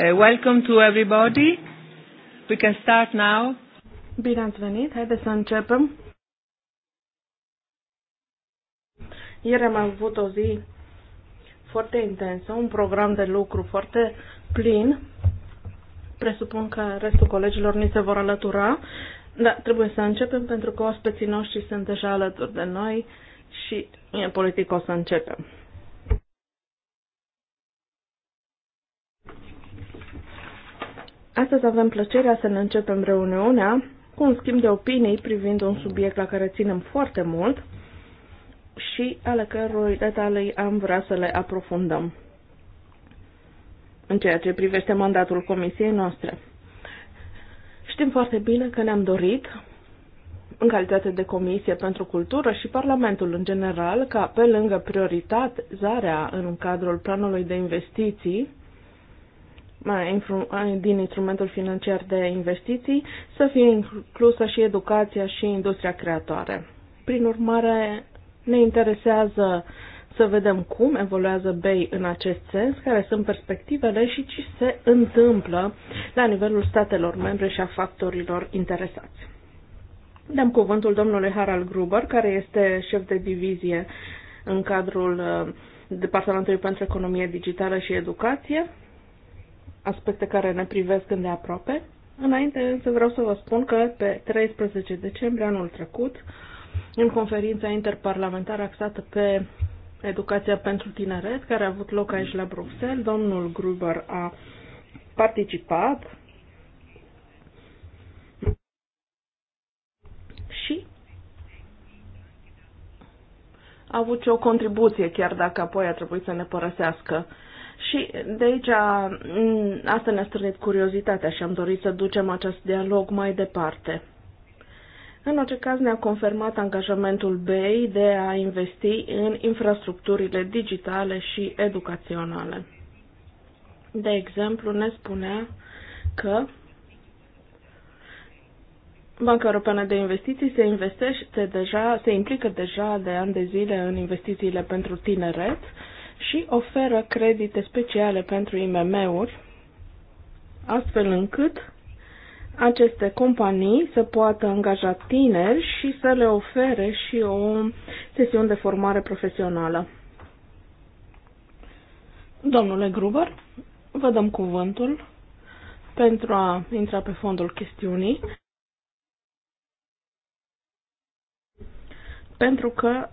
Uh, welcome to everybody. We can start now. Bine ați venit. Haideți să începem. Ieri am avut o zi foarte intensă, un program de lucru foarte plin. Presupun că restul colegilor ni se vor alătura, dar trebuie să începem pentru că oaspeții noștri sunt deja alături de noi și e politic o să începem. Astăzi avem plăcerea să ne începem reuniunea cu un schimb de opinii privind un subiect la care ținem foarte mult și ale cărui detalii am vrea să le aprofundăm în ceea ce privește mandatul comisiei noastre. Știm foarte bine că ne-am dorit, în calitate de Comisie pentru Cultură și Parlamentul în general, ca pe lângă prioritatea în cadrul planului de investiții, din instrumentul financiar de investiții să fie inclusă și educația și industria creatoare. Prin urmare, ne interesează să vedem cum evoluează BEI în acest sens, care sunt perspectivele și ce se întâmplă la nivelul statelor membre și a factorilor interesați. Dăm cuvântul domnului Harald Gruber, care este șef de divizie în cadrul uh, Departamentului pentru Economie Digitală și Educație aspecte care ne privesc îndeaproape. Înainte însă vreau să vă spun că pe 13 decembrie anul trecut, în conferința interparlamentară axată pe educația pentru tineret, care a avut loc aici la Bruxelles, domnul Gruber a participat și a avut și o contribuție, chiar dacă apoi a trebuit să ne părăsească. Și de aici mm, asta ne-a strânit curiozitatea și am dorit să ducem acest dialog mai departe. În orice caz ne-a confirmat angajamentul BEI de a investi în infrastructurile digitale și educaționale. De exemplu, ne spunea că Banca Europeană de Investiții se investește deja, se implică deja de ani de zile în investițiile pentru tineret și oferă credite speciale pentru IMM-uri, astfel încât aceste companii să poată angaja tineri și să le ofere și o sesiune de formare profesională. Domnule Gruber, vă dăm cuvântul pentru a intra pe fondul chestiunii. Pentru că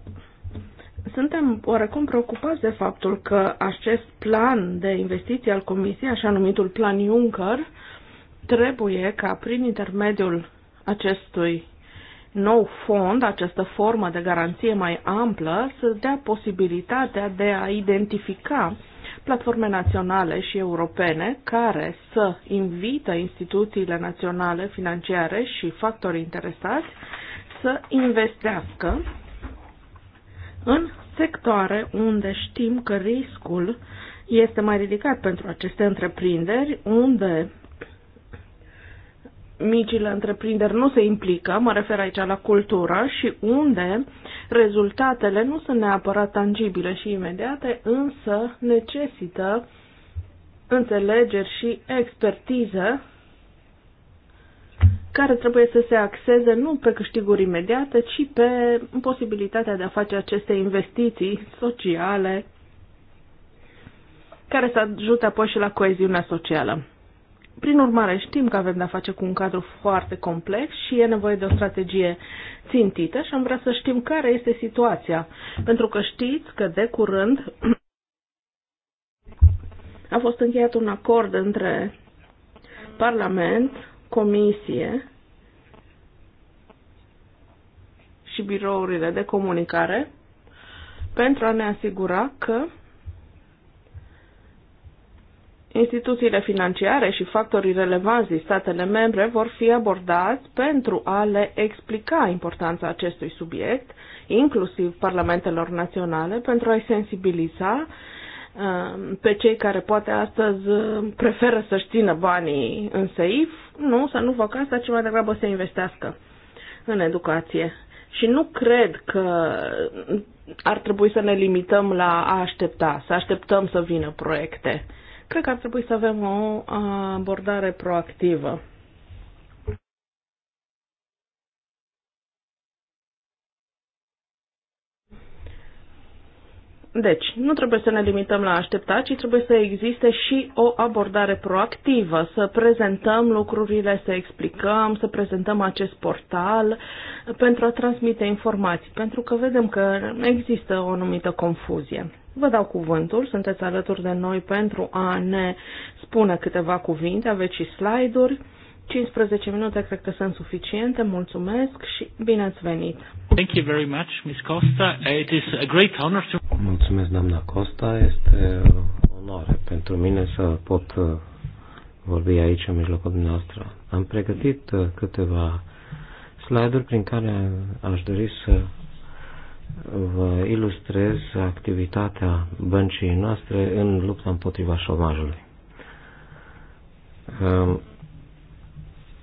suntem oarecum preocupați de faptul că acest plan de investiții al Comisiei, așa numitul plan Juncker, trebuie ca prin intermediul acestui nou fond, această formă de garanție mai amplă, să dea posibilitatea de a identifica platforme naționale și europene care să invită instituțiile naționale financiare și factori interesați să investească în sectoare unde știm că riscul este mai ridicat pentru aceste întreprinderi, unde micile întreprinderi nu se implică, mă refer aici la cultură, și unde rezultatele nu sunt neapărat tangibile și imediate, însă necesită înțelegeri și expertiză care trebuie să se axeze nu pe câștiguri imediate, ci pe posibilitatea de a face aceste investiții sociale care să ajute apoi și la coeziunea socială. Prin urmare, știm că avem de-a face cu un cadru foarte complex și e nevoie de o strategie țintită și am vrea să știm care este situația. Pentru că știți că de curând a fost încheiat un acord între Parlament, comisie și birourile de comunicare pentru a ne asigura că instituțiile financiare și factorii relevanți din statele membre vor fi abordați pentru a le explica importanța acestui subiect, inclusiv parlamentelor naționale, pentru a-i sensibiliza Um, pe cei care poate astăzi um, preferă să-și țină banii în seif, nu, să nu facă asta, ci mai degrabă să investească în educație. Și nu cred că ar trebui să ne limităm la a aștepta, să așteptăm să vină proiecte. Cred că ar trebui să avem o abordare proactivă. Deci, nu trebuie să ne limităm la aștepta, ci trebuie să existe și o abordare proactivă, să prezentăm lucrurile, să explicăm, să prezentăm acest portal pentru a transmite informații, pentru că vedem că există o anumită confuzie. Vă dau cuvântul, sunteți alături de noi pentru a ne spune câteva cuvinte, aveți și slide-uri. 15 minute cred că sunt suficiente. Mulțumesc și bine ați venit. Thank you very much, Ms. Costa. It is a great honor to... Mulțumesc, doamna Costa. Este onoare pentru mine să pot uh, vorbi aici în mijlocul dumneavoastră. Am pregătit uh, câteva slide-uri prin care aș dori să vă ilustrez activitatea băncii noastre în lupta împotriva șomajului. Um,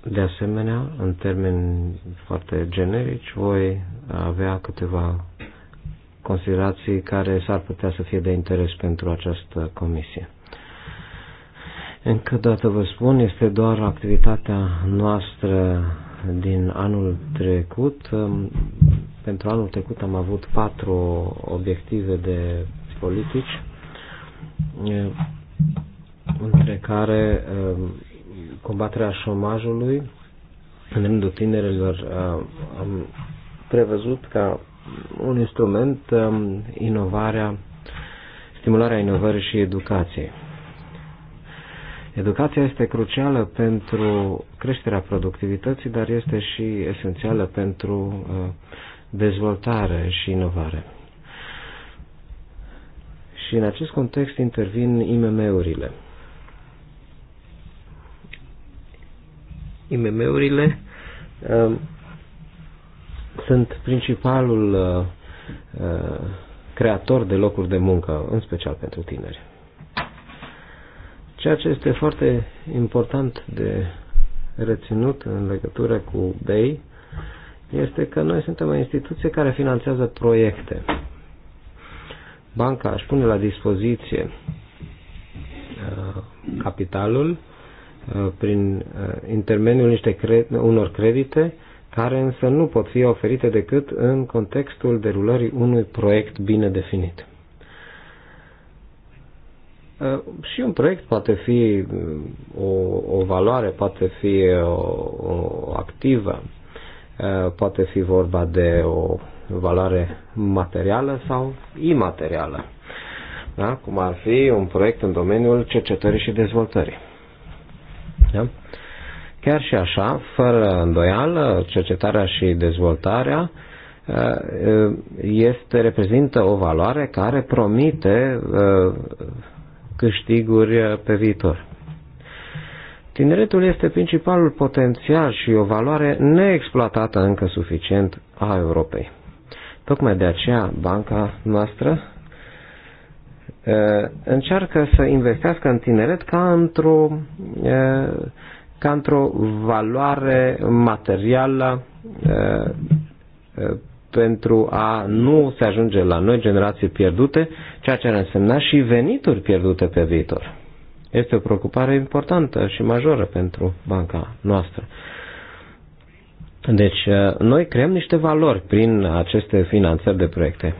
de asemenea, în termeni foarte generici, voi avea câteva considerații care s-ar putea să fie de interes pentru această comisie. Încă o dată vă spun, este doar activitatea noastră din anul trecut. Pentru anul trecut am avut patru obiective de politici, între care combaterea șomajului în rândul tinerilor uh, am prevăzut ca un instrument um, inovarea, stimularea inovării și educației. Educația este crucială pentru creșterea productivității, dar este și esențială pentru uh, dezvoltare și inovare. Și în acest context intervin IMM-urile. IMM-urile um, sunt principalul uh, uh, creator de locuri de muncă, în special pentru tineri. Ceea ce este foarte important de reținut în legătură cu BEI este că noi suntem o instituție care finanțează proiecte. Banca își pune la dispoziție uh, capitalul Uh, prin uh, intermediul niște cre- unor credite care însă nu pot fi oferite decât în contextul derulării unui proiect bine definit. Uh, și un proiect poate fi o, o valoare, poate fi o, o activă, poate fi vorba de o valoare materială sau imaterială, da? cum ar fi un proiect în domeniul cercetării și dezvoltării. Da? Chiar și așa, fără îndoială, cercetarea și dezvoltarea uh, uh, este, reprezintă o valoare care promite uh, câștiguri pe viitor. Tineretul este principalul potențial și o valoare neexploatată încă suficient a Europei. Tocmai de aceea banca noastră Eh, încearcă să investească în tineret ca într-o, eh, ca într-o valoare materială eh, pentru a nu se ajunge la noi generații pierdute, ceea ce ar însemna și venituri pierdute pe viitor. Este o preocupare importantă și majoră pentru banca noastră. Deci, noi creăm niște valori prin aceste finanțări de proiecte.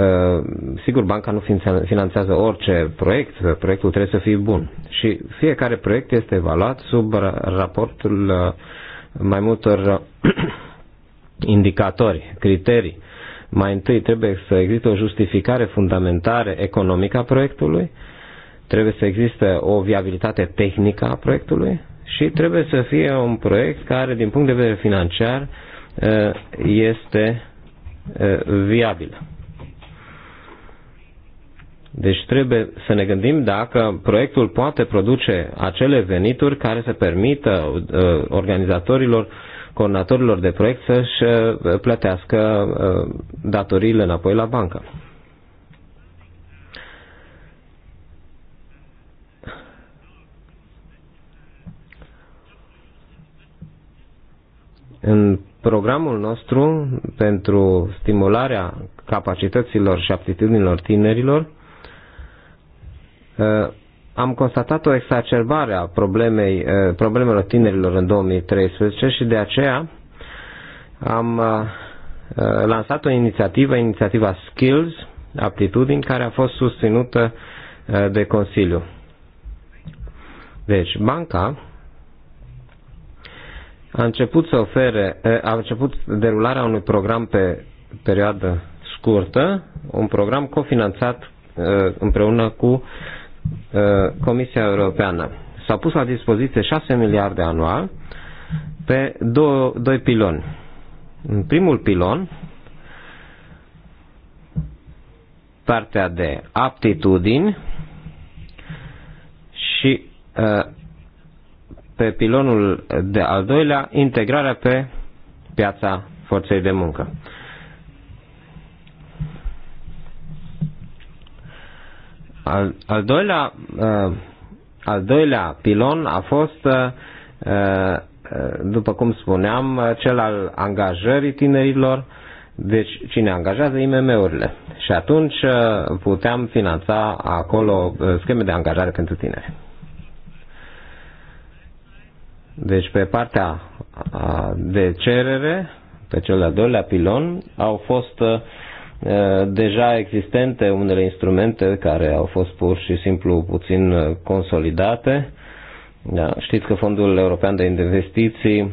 Uh, sigur, banca nu finanțează orice proiect, proiectul trebuie să fie bun. Și fiecare proiect este evaluat sub raportul uh, mai multor uh, indicatori, criterii. Mai întâi trebuie să existe o justificare fundamentare economică a proiectului, trebuie să existe o viabilitate tehnică a proiectului și trebuie să fie un proiect care, din punct de vedere financiar, este viabil. Deci trebuie să ne gândim dacă proiectul poate produce acele venituri care să permită uh, organizatorilor, coordonatorilor de proiect să-și uh, plătească uh, datoriile înapoi la bancă. În programul nostru pentru stimularea capacităților și aptitudinilor tinerilor, Uh, am constatat o exacerbare a problemei, uh, problemelor tinerilor în 2013 și de aceea am uh, lansat o inițiativă, inițiativa Skills, aptitudini, care a fost susținută de Consiliu. Deci, banca a început să ofere, a început derularea unui program pe perioadă scurtă, un program cofinanțat împreună cu Uh, Comisia Europeană. S-au pus la dispoziție 6 miliarde anual pe două, doi piloni. În primul pilon, partea de aptitudini și uh, pe pilonul de al doilea, integrarea pe piața forței de muncă. Al, al, doilea, uh, al doilea pilon a fost, uh, uh, după cum spuneam, cel al angajării tinerilor, deci cine angajează IMM-urile. Și atunci uh, puteam finanța acolo uh, scheme de angajare pentru tineri. Deci pe partea de cerere, pe cel de-al doilea pilon, au fost Eh, deja existente, unele instrumente care au fost pur și simplu puțin eh, consolidate. Da. Știți că Fondul European de Investiții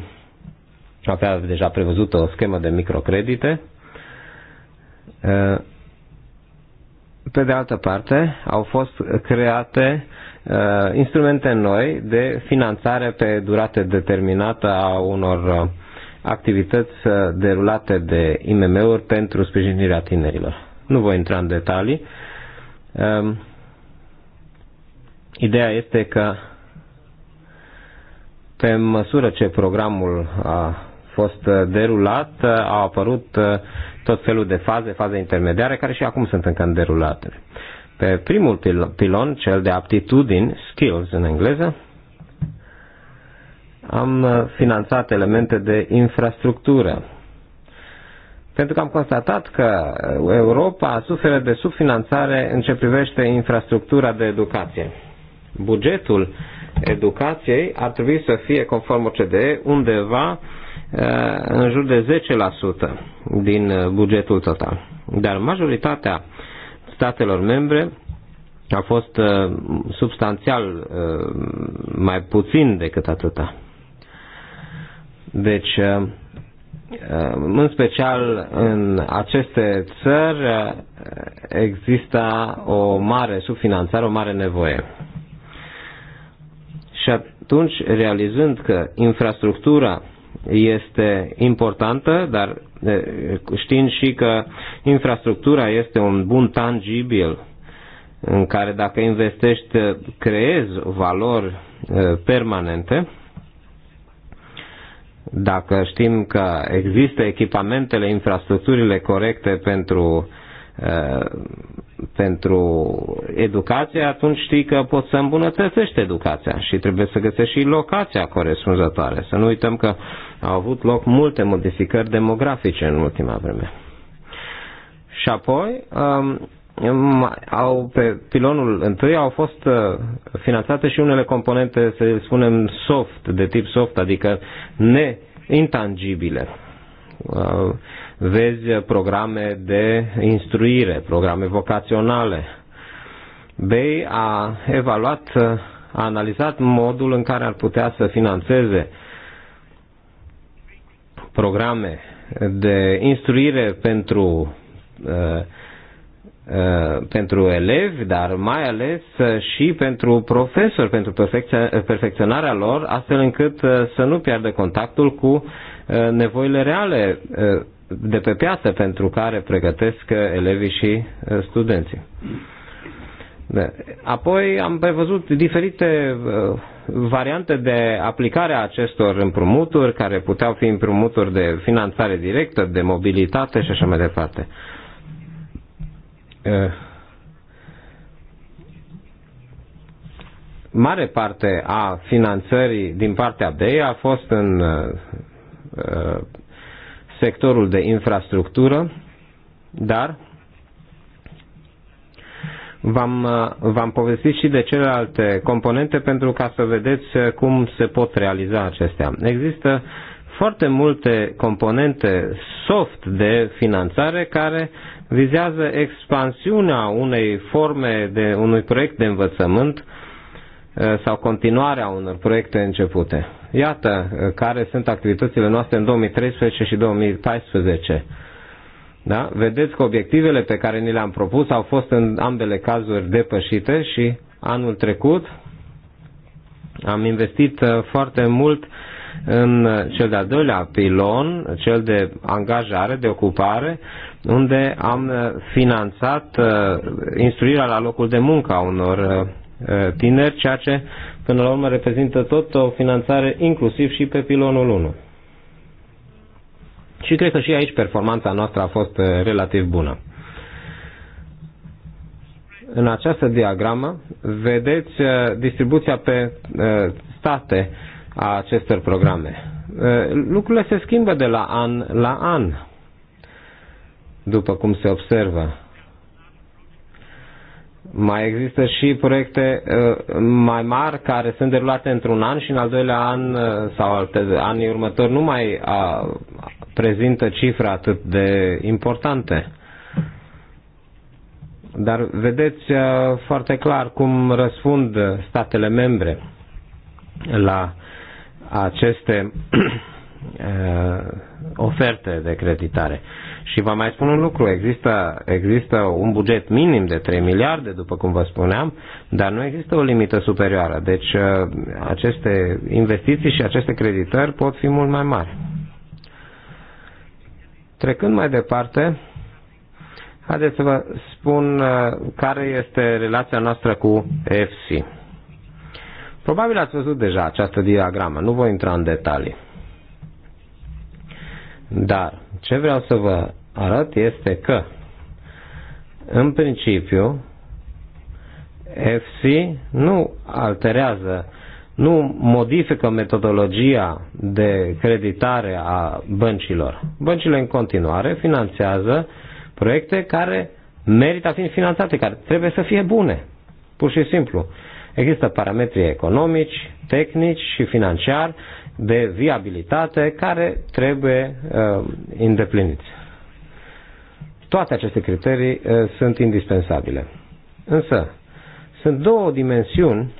avea deja prevăzută o schemă de microcredite. Eh, pe de altă parte, au fost create instrumente noi de finanțare pe durată determinată a unor activități uh, derulate de IMM-uri pentru sprijinirea tinerilor. Nu voi intra în detalii. Um, ideea este că pe măsură ce programul a fost uh, derulat, uh, au apărut tot felul de faze, faze intermediare, care și acum sunt încă în derulate. Pe primul pilon, cel de aptitudini, skills în engleză, am uh, finanțat elemente de infrastructură. Pentru că am constatat că uh, Europa suferă de subfinanțare în ce privește infrastructura de educație. Bugetul educației ar trebui să fie, conform OCDE, undeva uh, în jur de 10% din bugetul total. Dar majoritatea statelor membre a fost substanțial mai puțin decât atâta. Deci, uh, uh, în special în aceste țări uh, există o mare subfinanțare, o mare nevoie. Și atunci, realizând că infrastructura este importantă, dar știind și că infrastructura este un bun tangibil în care dacă investești creezi valori permanente, dacă știm că există echipamentele, infrastructurile corecte pentru, uh, pentru educație, atunci știi că poți să îmbunătățești educația și trebuie să găsești și locația corespunzătoare. Să nu uităm că au avut loc multe modificări demografice în ultima vreme. Și apoi, um, au, pe pilonul întâi au fost uh, finanțate și unele componente, să spunem, soft, de tip soft, adică neintangibile. Uh, vezi programe de instruire, programe vocaționale. BEI a evaluat, uh, a analizat modul în care ar putea să financeze programe de instruire pentru uh, Uh, pentru elevi, dar mai ales uh, și pentru profesori, pentru perfecționarea lor, astfel încât uh, să nu piardă contactul cu nevoile reale de pe piață pentru care pregătesc elevii și studenții. Da. Apoi am prevăzut diferite variante de aplicare a acestor împrumuturi, care puteau fi împrumuturi de finanțare directă, de mobilitate și așa mai departe. Eh, mare parte a finanțării din partea BEI a fost în eh, eh, sectorul de infrastructură, dar v-am, v-am povestit și de celelalte componente pentru ca să vedeți cum se pot realiza acestea. Există foarte multe componente soft de finanțare care vizează expansiunea unei forme, de unui proiect de învățământ uh, sau continuarea unor proiecte începute. Iată uh, care sunt activitățile noastre în 2013 și 2014. Da? Vedeți că obiectivele pe care ni le-am propus au fost în ambele cazuri depășite și anul trecut am investit uh, foarte mult în cel de-al doilea pilon, cel de angajare, de ocupare, unde am uh, finanțat uh, instruirea la locul de muncă a unor uh, tineri, ceea ce până la urmă reprezintă tot o finanțare inclusiv și pe pilonul 1. Și cred că și aici performanța noastră a fost relativ bună. În această diagramă vedeți distribuția pe state a acestor programe. Lucrurile se schimbă de la an la an după cum se observă. Mai există și proiecte uh, mai mari care sunt derulate într-un an și în al doilea an uh, sau alte anii următori nu mai uh, prezintă cifre atât de importante. Dar vedeți uh, foarte clar cum răspund statele membre la aceste oferte de creditare. Și vă mai spun un lucru, există, există un buget minim de 3 miliarde, după cum vă spuneam, dar nu există o limită superioară. Deci uh, aceste investiții și aceste creditări pot fi mult mai mari. Trecând mai departe, haideți să vă spun uh, care este relația noastră cu EFSI. Probabil ați văzut deja această diagramă, nu voi intra în detalii. Dar ce vreau să vă arăt este că, în principiu, FC nu alterează, nu modifică metodologia de creditare a băncilor. Băncile în continuare finanțează proiecte care merită a fi finanțate, care trebuie să fie bune, pur și simplu. Există parametri economici, tehnici și financiari de viabilitate care trebuie uh, îndepliniți. Toate aceste criterii uh, sunt indispensabile. Însă, sunt două dimensiuni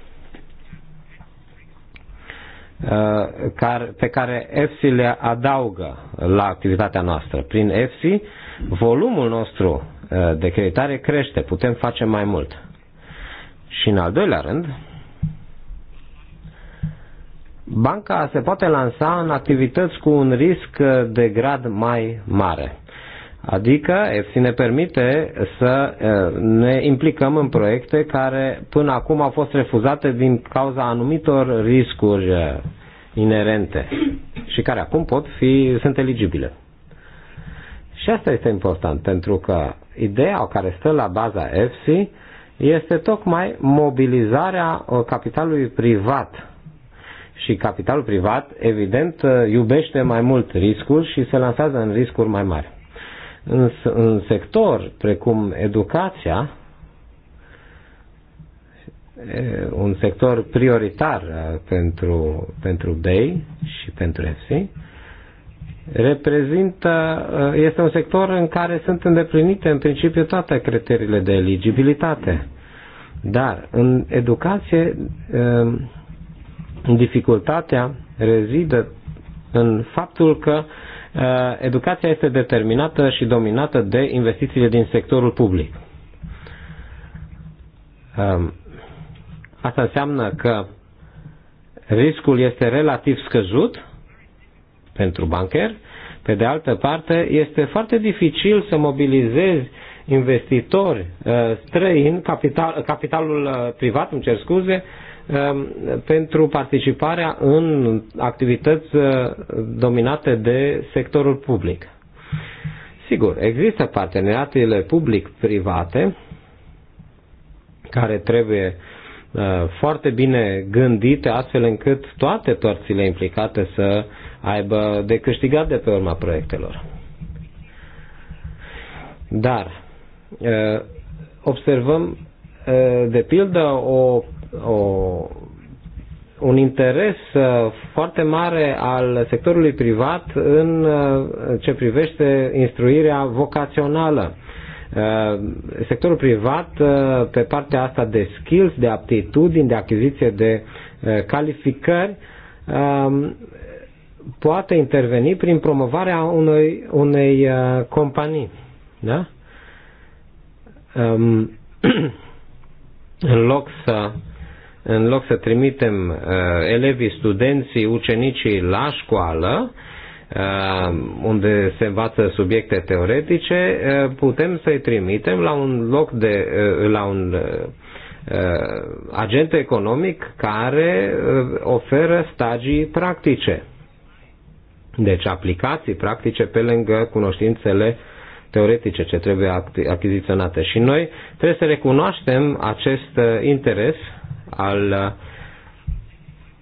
uh, pe care EFSI le adaugă la activitatea noastră. Prin EFSI, volumul nostru uh, de creditare crește, putem face mai mult. Și în al doilea rând, banca se poate lansa în activități cu un risc de grad mai mare. Adică EFSI ne permite să eh, ne implicăm în proiecte care până acum au fost refuzate din cauza anumitor riscuri eh, inerente și care acum pot fi, sunt eligibile. Și asta este important, pentru că ideea care stă la baza EFSI este tocmai mobilizarea eh, capitalului privat. Și capitalul privat, evident, iubește mai mult riscul și se lansează în riscuri mai mari în, în sector precum educația, un sector prioritar uh, pentru, pentru BEI și pentru EFSI, reprezintă, uh, este un sector în care sunt îndeplinite în principiu toate criteriile de eligibilitate. Dar în educație uh, dificultatea rezidă în faptul că Eh, educația este determinată și dominată de investițiile din sectorul public. Ehm, asta înseamnă că riscul este relativ scăzut pentru bancher, pe de altă parte este foarte dificil să mobilizezi investitori eh, străini, capital, capitalul eh, privat, îmi cer scuze, Ehm, pentru participarea în activități eh, dominate de sectorul public. Sigur, există parteneriatele public-private care trebuie eh, foarte bine gândite astfel încât toate părțile implicate să aibă de câștigat de pe urma proiectelor. Dar eh, observăm de pildă o o, un interes uh, foarte mare al sectorului privat în uh, ce privește instruirea vocațională. Uh, sectorul privat, pe partea asta de skills, de aptitudini, de achiziție de calificări, um, poate interveni prin promovarea unei, unei companii. Da? Um, în loc să în loc să trimitem uh, elevii, studenții, ucenicii la școală, uh, unde se învață subiecte teoretice, uh, putem să-i trimitem la un loc de, uh, la un uh, uh agent economic care uh, oferă stagii practice. Deci aplicații practice pe lângă cunoștințele teoretice ce trebuie achiziționate. Și noi trebuie să recunoaștem acest uh, interes al,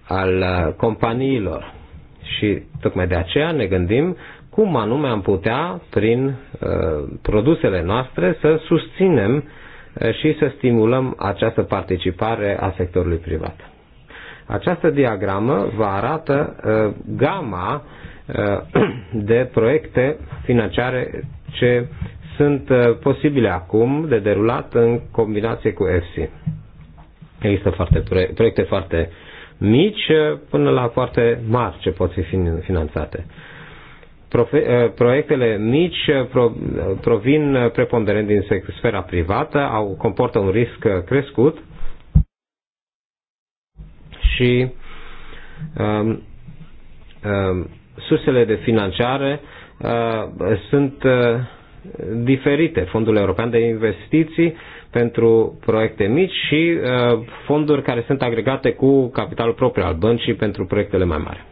al companiilor. Și tocmai de aceea ne gândim cum anume am putea, prin uh, produsele noastre, să susținem uh, și să stimulăm această participare a sectorului privat. Această diagramă vă arată uh, gama uh, de proiecte financiare ce sunt uh, posibile acum de derulat în combinație cu EFSI. Există foarte proiecte foarte mici eh, până la foarte mari ce pot fi finanțate. Eh, proiectele mici eh, provin preponderent din sfera privată, au, comportă un risc crescut și um, um, sursele de finanțare uh, sunt uh, diferite. Fondul European de Investiții pentru proiecte mici și uh, fonduri care sunt agregate cu capitalul propriu al băncii pentru proiectele mai mari.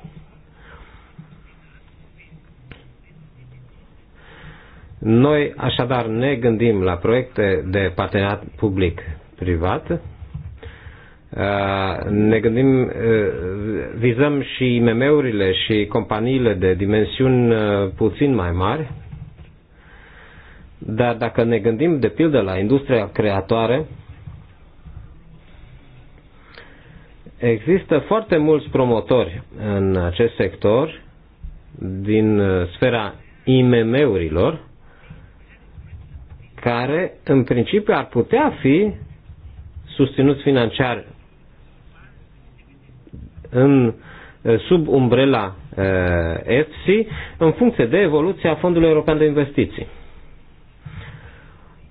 Noi așadar ne gândim la proiecte de parteneriat public-privat, uh, ne gândim, uh, vizăm și IMM-urile și companiile de dimensiuni puțin mai mari, dar dacă ne gândim de pildă la industria creatoare, există foarte mulți promotori în acest sector din uh, sfera IMM-urilor care în principiu ar putea fi susținuți financiar în, uh, sub umbrela EFSI uh, în funcție de evoluția Fondului European de Investiții.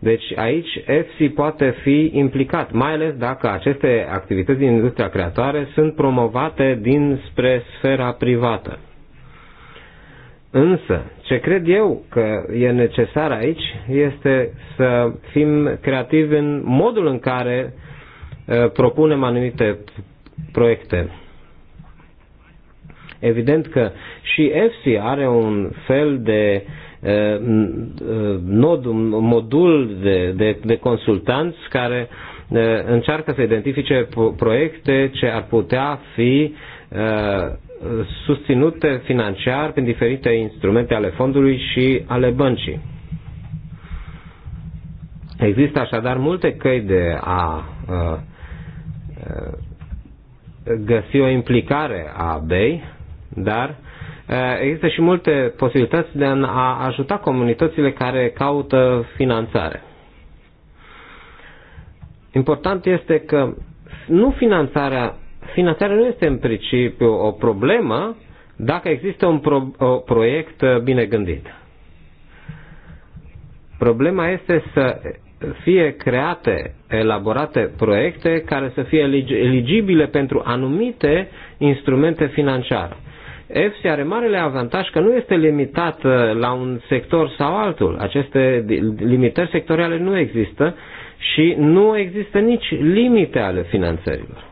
Deci aici EFSI poate fi implicat, mai ales dacă aceste activități din industria creatoare sunt promovate dinspre sfera privată. Însă, ce cred eu că e necesar aici este să fim creativi în modul în care uh, propunem anumite proiecte. Evident că și EFSI are un fel de uh, Ehm, nod, un modul de, de, de consultanți care ehm, încearcă să identifice proiecte ce ar putea fi ehm, susținute financiar prin diferite instrumente ale fondului și ale băncii. Există așadar multe căi de a găsi o implicare a BEI, dar Eh, există și multe posibilități de a ajuta comunitățile care caută finanțare. Important este că nu finanțarea, finanțarea nu este în principiu o problemă dacă există un pro, o proiect eh, bine gândit. Problema este să fie create, elaborate proiecte care să fie eligibile pentru anumite instrumente financiare. EFSI are marele avantaj că nu este limitat uh, la un sector sau altul. Aceste limitări sectoriale nu există și nu există nici limite ale finanțărilor.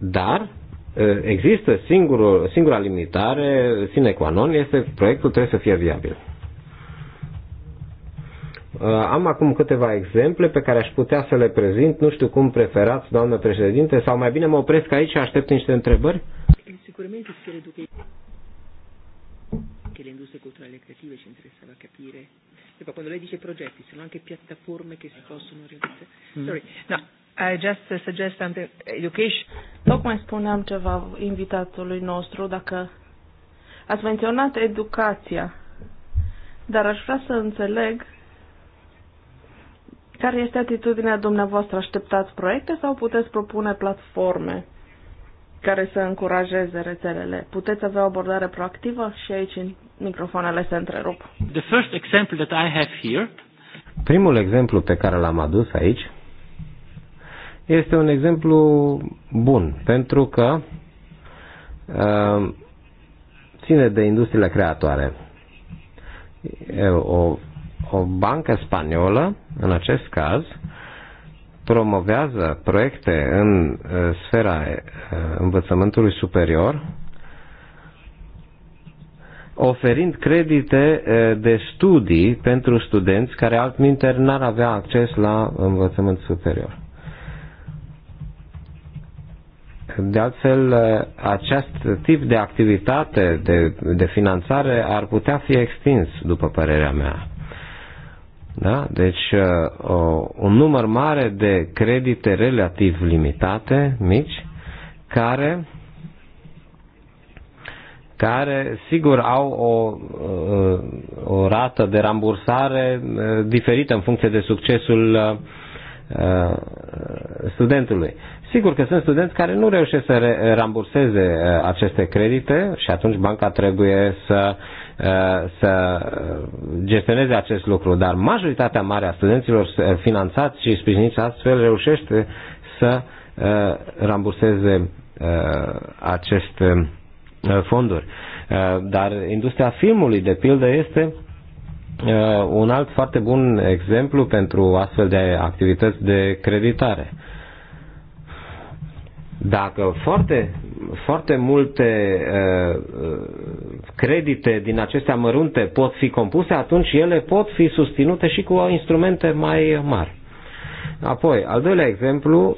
Dar uh, există singurul, singura limitare, sine qua non, este proiectul trebuie să fie viabil. Uh, am acum câteva exemple pe care aș putea să le prezint, nu știu cum preferați, doamnă președinte, sau mai bine mă opresc aici și aștept niște întrebări? Sicuramente che le industrie culturali e creative ci interessava capire. Epa, poi quando lei dice progetti, sono anche piattaforme che si possono realizzare. Mm. Sorry. No, I just suggest under education. Tocmai spuneam ceva invitatului nostru, dacă ați menționat educația, dar aș vrea să înțeleg care este atitudinea dumneavoastră? Așteptați proiecte sau puteți propune platforme care să încurajeze rețelele? Puteți avea o abordare proactivă? Și aici microfoanele se întrerup. The first example that I have here... Primul exemplu pe care l-am adus aici este un exemplu bun, pentru că uh, ține de industriile creatoare. E o o bancă spaniolă, în acest caz, promovează proiecte în sfera învățământului superior, oferind credite de studii pentru studenți care altminteri n-ar avea acces la învățământ superior. De altfel, acest tip de activitate de, de finanțare ar putea fi extins, după părerea mea. Da? Deci uh, o, un număr mare de credite relativ limitate, mici, care, care sigur au o, o, uh, o rată de rambursare uh, diferită în funcție de succesul uh, studentului. Sigur că sunt studenți care nu reușesc să ramburseze aceste credite și atunci banca trebuie să uh, Uh, să gestioneze acest lucru, dar majoritatea mare a studenților uh, finanțați și sprijiniți astfel reușește să uh, ramburseze aceste fonduri. Dar industria filmului, de pildă, este un alt foarte bun exemplu pentru astfel de activități de creditare. Dacă foarte foarte multe credite din acestea mărunte pot fi compuse, atunci ele pot fi susținute și cu instrumente mai mari. Apoi, al doilea exemplu,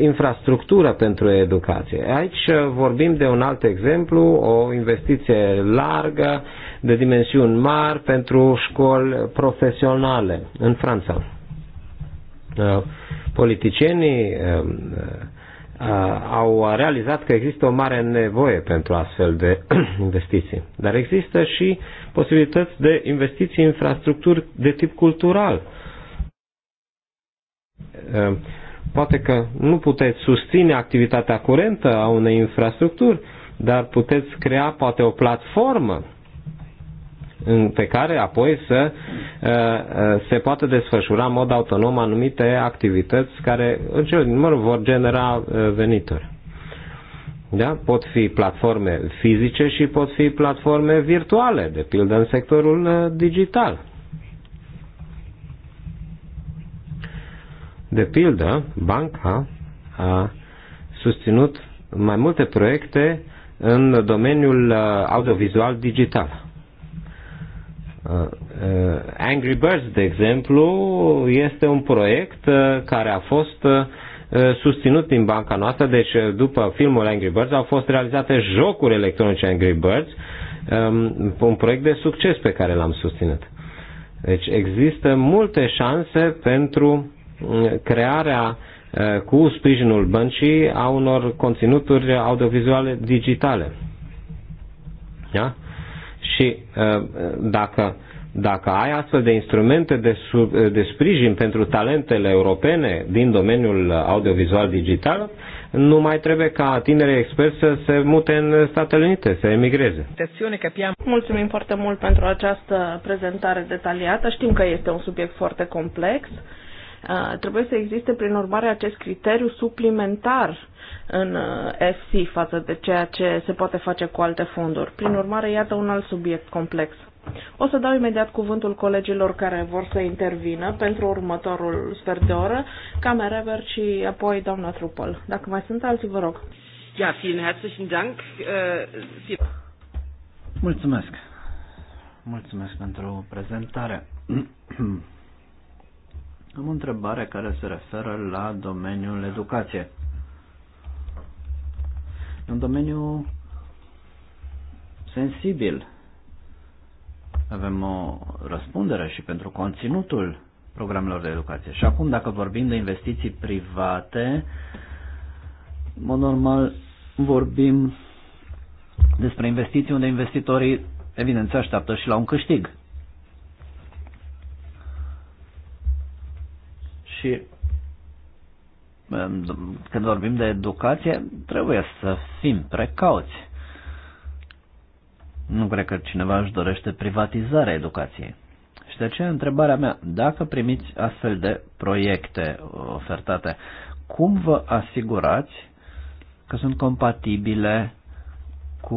infrastructură pentru educație. Aici vorbim de un alt exemplu, o investiție largă, de dimensiuni mari pentru școli profesionale în Franța. Politicienii Uh, au realizat că există o mare nevoie pentru astfel de investiții. Dar există și posibilități de investiții în infrastructuri de tip cultural. Uh, poate că nu puteți susține activitatea curentă a unei infrastructuri, dar puteți crea poate o platformă pe care apoi să uh, uh, se poată desfășura în mod autonom anumite activități care în cel din vor genera uh, venituri. Da? Pot fi platforme fizice și pot fi platforme virtuale, de pildă în sectorul digital. De pildă, banca a susținut mai multe proiecte în domeniul audiovizual digital. Uh, uh, Angry Birds, de exemplu, este un proiect uh, care a fost susținut din banca noastră, deci după filmul Angry Birds au fost realizate jocuri electronice Angry Birds, um, un proiect de succes pe care l-am susținut. Deci există multe șanse pentru crearea cu sprijinul băncii a unor conținuturi audiovizuale digitale. Da? Și uh, dacă, dacă ai astfel de instrumente de, sub, de sprijin pentru talentele europene din domeniul audiovizual digital, nu mai trebuie ca tinerii experți să se mute în Statele Unite, să emigreze. Mulțumim foarte mult pentru această prezentare detaliată. Știm că este un subiect foarte complex. Uh, trebuie să existe, prin urmare, acest criteriu suplimentar în uh, FC față de ceea ce se poate face cu alte fonduri. Prin urmare, iată un alt subiect complex. O să dau imediat cuvântul colegilor care vor să intervină pentru următorul sfert de oră, Ever și apoi doamna Trupol. Dacă mai sunt alții, vă rog. Ja, vielen herzlichen Dank. Äh, Mulțumesc. Mulțumesc pentru prezentare. Am o întrebare care se referă la domeniul educație. E un domeniu sensibil. Avem o răspundere și pentru conținutul programelor de educație. Și acum, dacă vorbim de investiții private, în mod normal vorbim despre investiții unde investitorii, evident, se așteaptă și la un câștig. Și Ehm, când vorbim de educație, trebuie să fim precauți. Nu cred că cineva își dorește privatizarea educației. Și de aceea întrebarea mea, dacă primiți astfel de proiecte ofertate, cum vă asigurați că sunt compatibile cu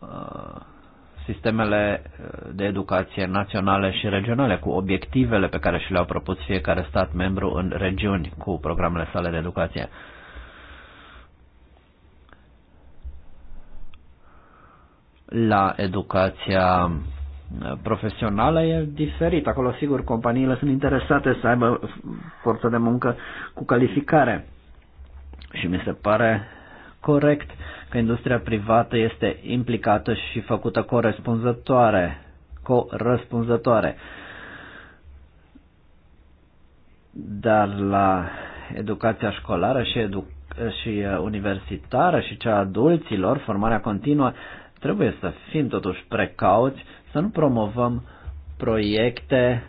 uh, sistemele eh, de educație naționale și regionale, cu obiectivele pe care și le-au propus fiecare stat membru în regiuni cu programele sale de educație. La educația eh, profesională e diferit. Acolo, sigur, companiile sunt interesate să aibă forță de muncă cu calificare. Și mi se pare corect că industria privată este implicată și făcută corespunzătoare. corespunzătoare. Dar la educația școlară și, edu- și uh, universitară și cea adulților, formarea continuă, trebuie să fim totuși precauți, să nu promovăm proiecte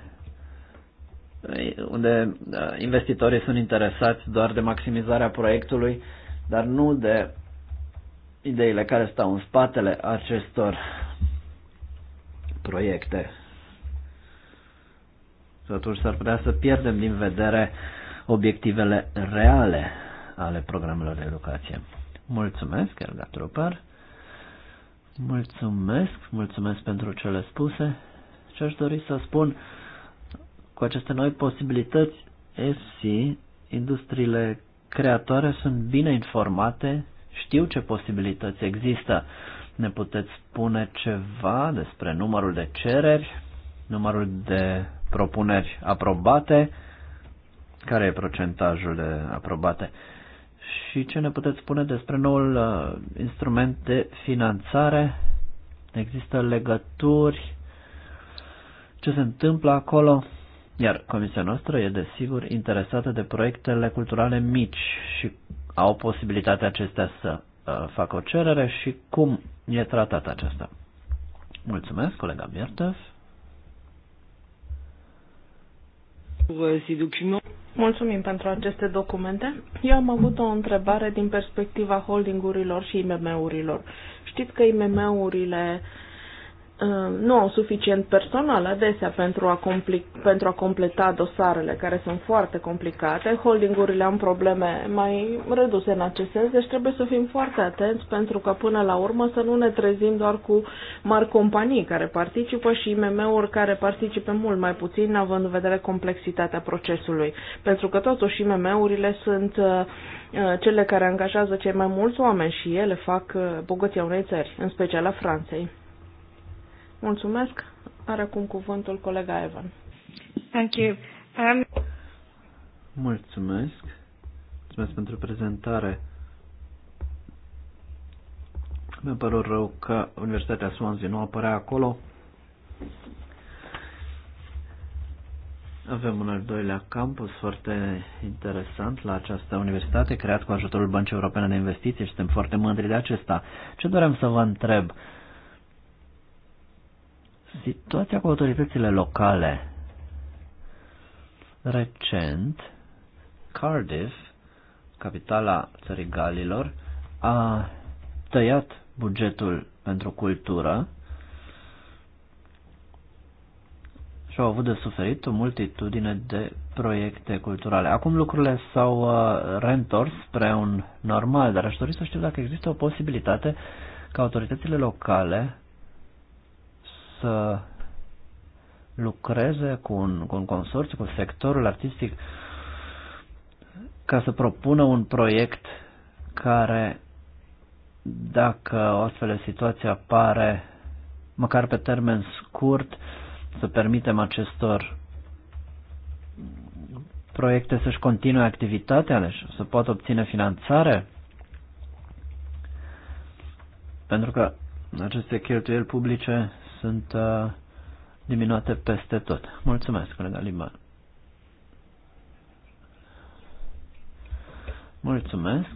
uh, unde uh, investitorii sunt interesați doar de maximizarea proiectului, dar nu de ideile care stau în spatele acestor proiecte. Și atunci s-ar putea să pierdem din vedere obiectivele reale ale programelor de educație. Mulțumesc, Elga Trupăr. Mulțumesc, mulțumesc pentru cele spuse. Ce aș dori să spun, cu aceste noi posibilități, FC, industriile creatoare sunt bine informate știu ce posibilități există. Ne puteți spune ceva despre numărul de cereri, numărul de propuneri aprobate, care e procentajul de aprobate și ce ne puteți spune despre noul uh, instrument de finanțare? Există legături? Ce se întâmplă acolo? Iar comisia noastră e desigur interesată de proiectele culturale mici și au posibilitatea acestea să uh, facă o cerere și cum e tratată aceasta. Mulțumesc, colega Biertev. Uh, Mulțumim pentru aceste documente. Eu am avut o întrebare din perspectiva holdingurilor și IMM-urilor. Știți că IMM-urile uh, Um, nu au suficient personal adesea pentru a, compli- pentru a completa dosarele care sunt foarte complicate. Holdingurile au probleme mai reduse în acest sens, deci trebuie să fim foarte atenți pentru că până la urmă să nu ne trezim doar cu mari companii care participă și IMM-uri care participă mult mai puțin având în vedere complexitatea procesului. Pentru că totuși IMM-urile sunt uh, uh, cele care angajează cei mai mulți oameni și ele fac uh, bogăția unei țări, în special a Franței. Mulțumesc. Are acum cuvântul colega Evan. Thank you. Um... Mulțumesc. Mulțumesc pentru prezentare. Mi-a părut rău că Universitatea Swansea nu apărea acolo. Avem un al doilea campus foarte interesant la această universitate, creat cu ajutorul Băncii Europene de Investiții și suntem foarte mândri de acesta. Ce dorem să vă întreb? Situația cu autoritățile locale. Recent, Cardiff, capitala țării Galilor, a tăiat bugetul pentru cultură și au avut de suferit o multitudine de proiecte culturale. Acum lucrurile s-au uh, reîntors spre un normal, dar aș dori să știu dacă există o posibilitate ca autoritățile locale să lucreze cu un, cu un consorțiu, cu sectorul artistic, ca să propună un proiect care, dacă o astfel de situație apare, măcar pe termen scurt, să permitem acestor proiecte să-și continue activitatea, deci să poată obține finanțare, pentru că aceste cheltuieli publice sunt uh, diminuate peste tot. Mulțumesc, colega Liman. Mulțumesc.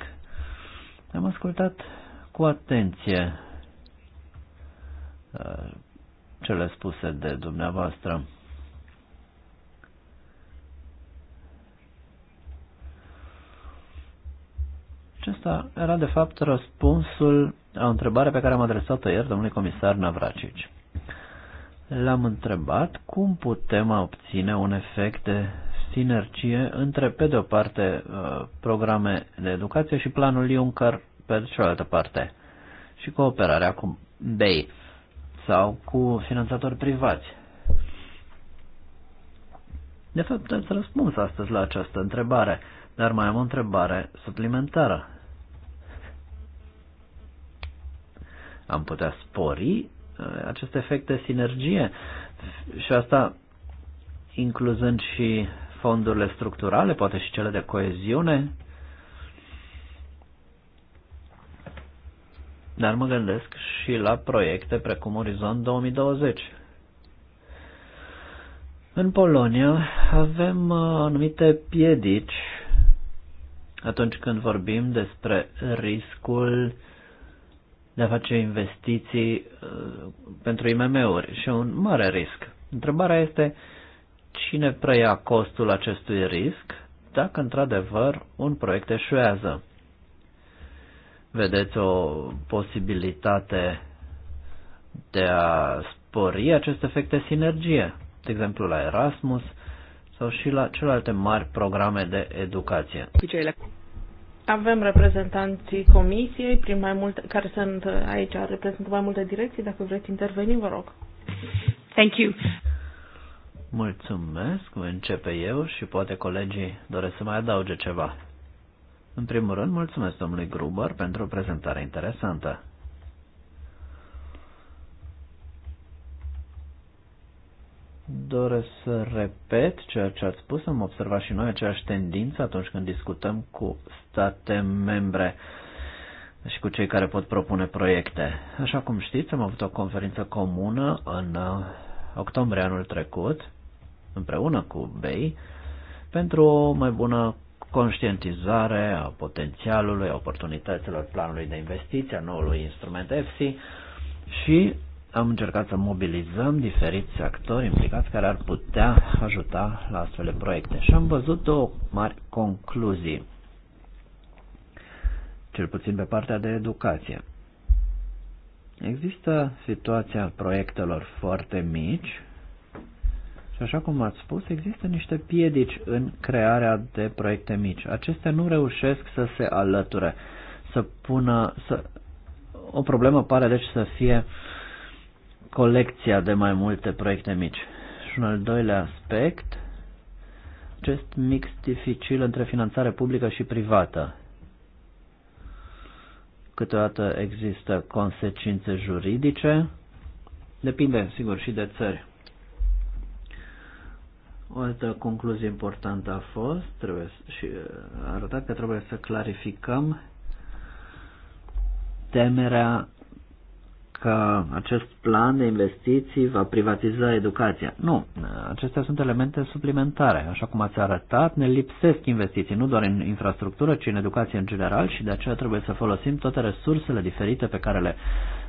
Am ascultat cu atenție uh, cele spuse de dumneavoastră. Acesta era de fapt răspunsul la o întrebare pe care am adresat-o ieri domnului comisar Navracici. L-am întrebat cum putem obține un efect de sinergie între, pe de o parte, uh, programe de educație și planul Juncker pe de cealaltă parte și cooperarea cu BEI sau cu finanțatori privați. De fapt, ați răspuns astăzi la această întrebare, dar mai am o întrebare suplimentară. Am putea spori Uh, acest efect de sinergie și asta incluzând și fondurile structurale, poate și cele de coeziune. Dar mă gândesc și la proiecte precum Orizont 2020. În Polonia avem uh, anumite piedici atunci când vorbim despre riscul de a face investiții uh, pentru IMM-uri și un mare risc. Întrebarea este cine preia costul acestui risc dacă într-adevăr un proiect eșuează. Vedeți o posibilitate de a spori acest efect de sinergie, de exemplu la Erasmus sau și la celelalte mari programe de educație. Avem reprezentanții comisiei prin mai multe, care sunt aici, reprezintă mai multe direcții. Dacă vreți interveni, vă rog. Thank you. Mulțumesc, începe eu și poate colegii doresc să mai adauge ceva. În primul rând, mulțumesc domnului Gruber pentru o prezentare interesantă. doresc să repet ceea ce ați spus. Am observat și noi aceeași tendință atunci când discutăm cu state membre și cu cei care pot propune proiecte. Așa cum știți, am avut o conferință comună în uh, octombrie anul trecut, împreună cu BEI, pentru o mai bună conștientizare a potențialului, a oportunităților planului de investiție, a noului instrument EFSI și am încercat să mobilizăm diferiți actori implicați care ar putea ajuta la astfel de proiecte. Și am văzut două mari concluzii, cel puțin pe partea de educație. Există situația proiectelor foarte mici și așa cum ați spus, există niște piedici în crearea de proiecte mici. Acestea nu reușesc să se alăture, să pună, să... o problemă pare deci să fie uh, colecția de mai multe proiecte mici. Și un al doilea aspect, acest mix dificil între finanțare publică și privată. Câteodată există consecințe juridice, depinde, sigur, și de țări. O altă concluzie importantă a fost, trebuie și uh, arătat că trebuie să clarificăm temerea că acest plan de investiții va privatiza educația. Nu, acestea sunt elemente suplimentare. Așa cum ați arătat, ne lipsesc investiții nu doar în infrastructură, ci în educație în general și de aceea trebuie să folosim toate resursele diferite pe care le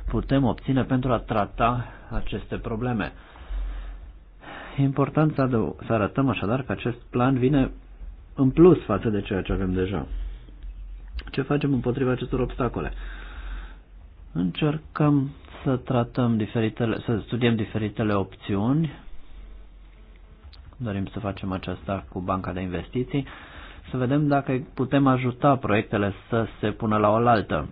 putem obține pentru a trata aceste probleme. E important să, să arătăm așadar că acest plan vine în plus față de ceea ce avem deja. Ce facem împotriva acestor obstacole? Încercăm să tratăm diferitele, să studiem diferitele opțiuni. Dorim să facem aceasta cu Banca de Investiții, să vedem dacă putem ajuta proiectele să se pună la oaltă.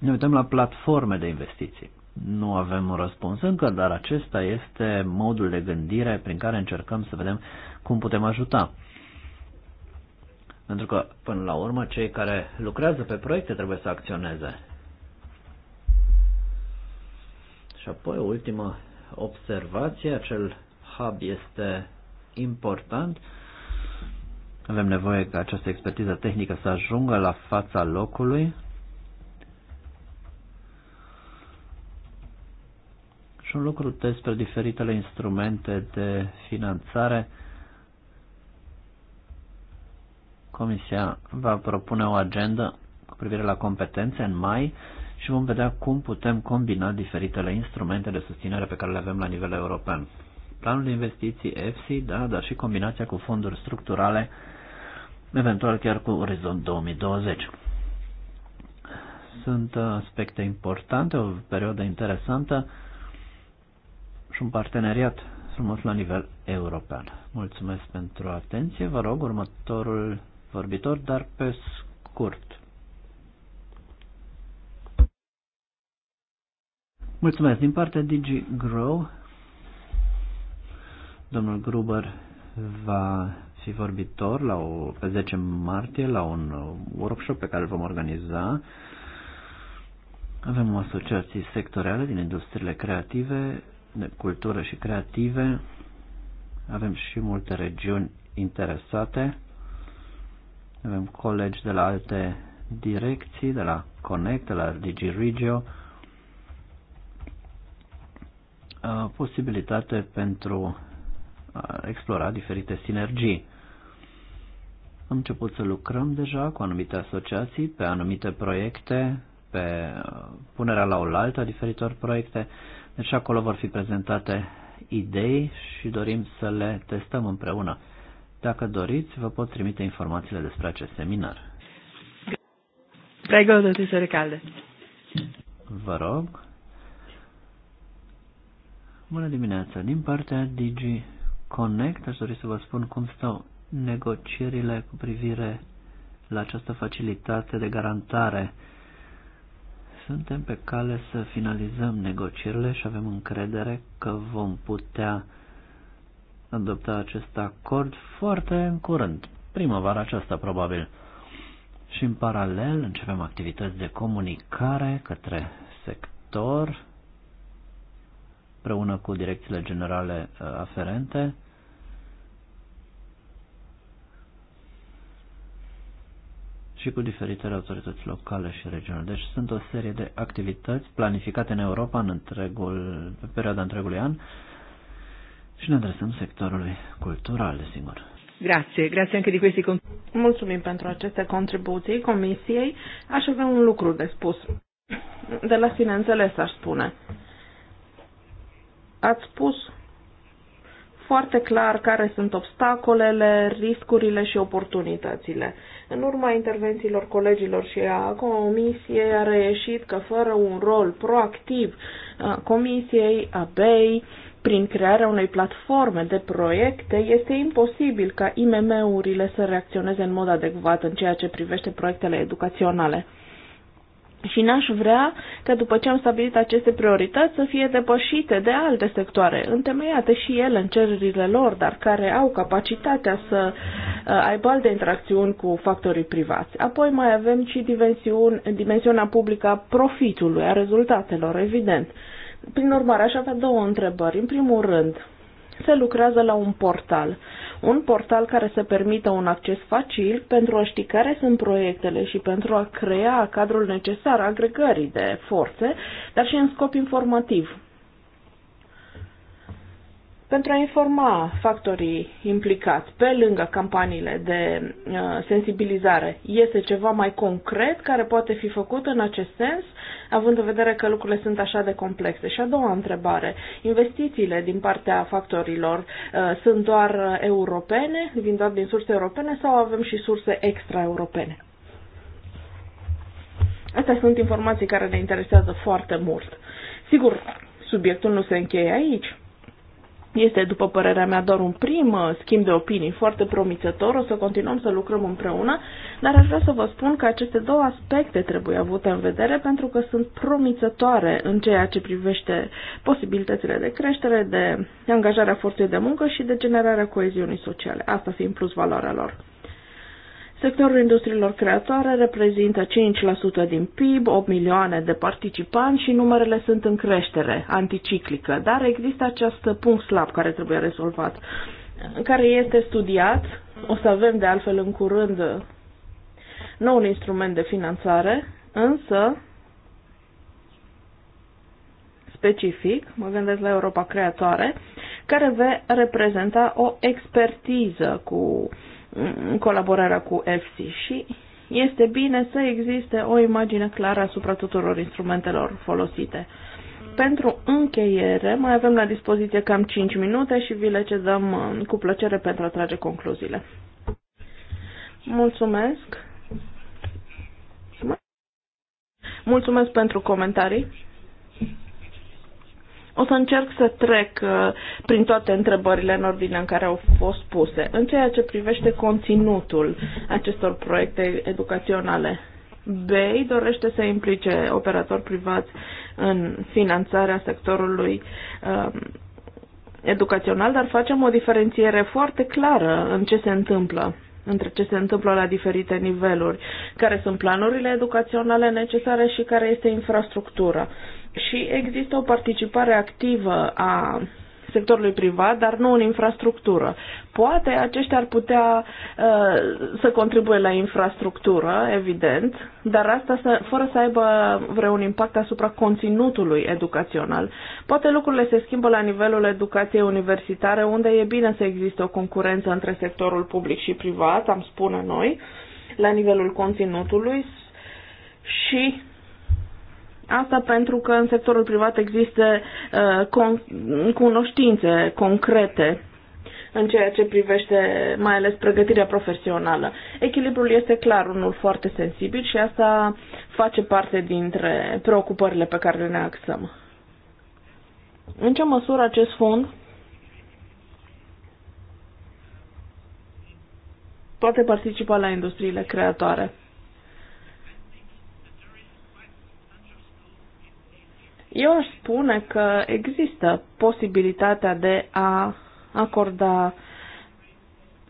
Ne uităm la platforme de investiții. Nu avem un răspuns încă, dar acesta este modul de gândire prin care încercăm să vedem cum putem ajuta. Pentru că, până la urmă, cei care lucrează pe proiecte trebuie să acționeze. Și apoi, o ultimă observație, acel hub este important. Avem nevoie ca această expertiză tehnică să ajungă la fața locului. Și un lucru despre diferitele instrumente de finanțare. Comisia va propune o agendă cu privire la competențe în mai și vom vedea cum putem combina diferitele instrumente de susținere pe care le avem la nivel european. Planul de investiții EFSI, da, dar și combinația cu fonduri structurale, eventual chiar cu Orizont 2020. Sunt uh, aspecte importante, o perioadă interesantă și un parteneriat frumos la nivel european. Mulțumesc pentru atenție. Vă rog următorul vorbitor, dar pe scurt. Mulțumesc. Din partea Digi Grow, domnul Gruber va fi vorbitor la o, pe 10 martie la un workshop pe care îl vom organiza. Avem o asociație sectorială din industriile creative, de cultură și creative. Avem și multe regiuni interesate. Avem colegi de la alte direcții, de la Connect, de la DigiRegio. Regio Uh, posibilitate pentru a uh, explora diferite sinergii. Am început să lucrăm deja cu anumite asociații pe anumite proiecte, pe uh, punerea la oaltă a diferitor proiecte, deci acolo vor fi prezentate idei și dorim să le testăm împreună. Dacă doriți, vă pot trimite informațiile despre acest seminar. Prego, domnul calde. Vă rog. Bună dimineața! Din partea DG Connect aș dori să vă spun cum stau negocierile cu privire la această facilitate de garantare. Suntem pe cale să finalizăm negocierile și avem încredere că vom putea adopta acest acord foarte în curând, primăvara aceasta probabil. Și în paralel începem activități de comunicare către sector, împreună cu direcțiile generale uh, aferente. și cu diferitele autorități locale și regionale. Deci sunt o serie de activități planificate în Europa în întregul, pe perioada întregului an și ne adresăm sectorului cultural, desigur. Grazie, grazie anche di questi Mulțumim pentru aceste contribuții comisiei. Aș avea un lucru de spus. De la sine înțeles, aș spune. Ați spus foarte clar care sunt obstacolele, riscurile și oportunitățile. În urma intervențiilor colegilor și a Comisiei a reieșit că fără un rol proactiv a Comisiei, a BEI, prin crearea unei platforme de proiecte, este imposibil ca IMM-urile să reacționeze în mod adecvat în ceea ce privește proiectele educaționale. Și n-aș vrea ca după ce am stabilit aceste priorități să fie depășite de alte sectoare, întemeiate și ele în cererile lor, dar care au capacitatea să uh, aibă alte interacțiuni cu factorii privați. Apoi mai avem și dimensiunea publică a profitului, a rezultatelor, evident. Prin urmare, aș avea două întrebări. În primul rând, se lucrează la un portal. Un portal care să permită un acces facil pentru a ști care sunt proiectele și pentru a crea cadrul necesar agregării de forțe, dar și în scop informativ pentru a informa factorii implicați pe lângă campaniile de uh, sensibilizare. Este ceva mai concret care poate fi făcut în acest sens, având în vedere că lucrurile sunt așa de complexe. Și a doua întrebare, investițiile din partea factorilor uh, sunt doar europene, vin doar din surse europene sau avem și surse extraeuropene? Astea sunt informații care ne interesează foarte mult. Sigur, subiectul nu se încheie aici este, după părerea mea, doar un prim uh, schimb de opinii foarte promițător. O să continuăm să lucrăm împreună, dar aș vrea să vă spun că aceste două aspecte trebuie avute în vedere pentru că sunt promițătoare în ceea ce privește posibilitățile de creștere, de angajarea forței de muncă și de generarea coeziunii sociale. Asta fiind plus valoarea lor. Sectorul industriilor creatoare reprezintă 5% din PIB, 8 milioane de participanți și numerele sunt în creștere, anticiclică, dar există acest punct slab care trebuie rezolvat, care este studiat, o să avem de altfel în curând noul instrument de finanțare, însă specific, mă gândesc la Europa Creatoare, care va reprezenta o expertiză cu uh, colaborarea cu FC și este bine să existe o imagine clară asupra tuturor instrumentelor folosite. Pentru încheiere, mai avem la dispoziție cam 5 minute și vi le cedăm uh, cu plăcere pentru a trage concluziile. Mulțumesc! Mulțumesc pentru comentarii. O să încerc să trec uh, prin toate întrebările în ordine în care au fost puse. În ceea ce privește conținutul acestor proiecte educaționale, BEI dorește să implice operatori privați în finanțarea sectorului um, educațional, dar facem o diferențiere foarte clară în ce se întâmplă între ce se întâmplă la diferite niveluri, care sunt planurile educaționale necesare și care este infrastructura. Și există o participare activă a sectorului privat, dar nu în infrastructură. Poate aceștia ar putea uh, să contribuie la infrastructură, evident, dar asta să, fără să aibă vreun impact asupra conținutului educațional. Poate lucrurile se schimbă la nivelul educației universitare, unde e bine să existe o concurență între sectorul public și privat, am spune noi, la nivelul conținutului și Asta pentru că în sectorul privat există uh, con- cunoștințe concrete în ceea ce privește mai ales pregătirea profesională. Echilibrul este clar unul foarte sensibil și asta face parte dintre preocupările pe care ne axăm. În ce măsură acest fond poate participa la industriile creatoare? Eu aș spune că există posibilitatea de a acorda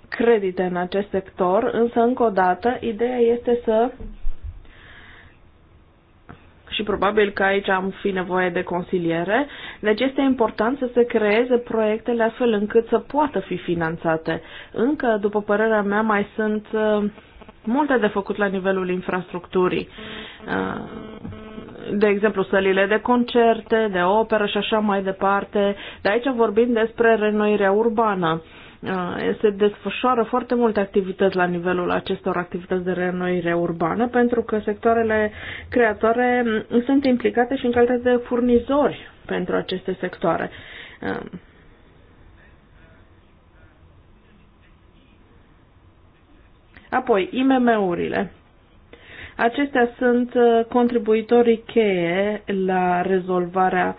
credite în acest sector, însă încă o dată ideea este să și probabil că aici am fi nevoie de consiliere, deci este important să se creeze proiectele astfel încât să poată fi finanțate. Încă, după părerea mea, mai sunt uh, multe de făcut la nivelul infrastructurii. Uh, de exemplu, sălile de concerte, de operă și așa mai departe. De aici vorbim despre renoirea urbană. Uh, se desfășoară foarte multe activități la nivelul acestor activități de renoire urbană pentru că sectoarele creatoare mm, sunt implicate și în calitate de furnizori pentru aceste sectoare. Uh, apoi, IMM-urile. Acestea sunt uh, contribuitorii cheie la rezolvarea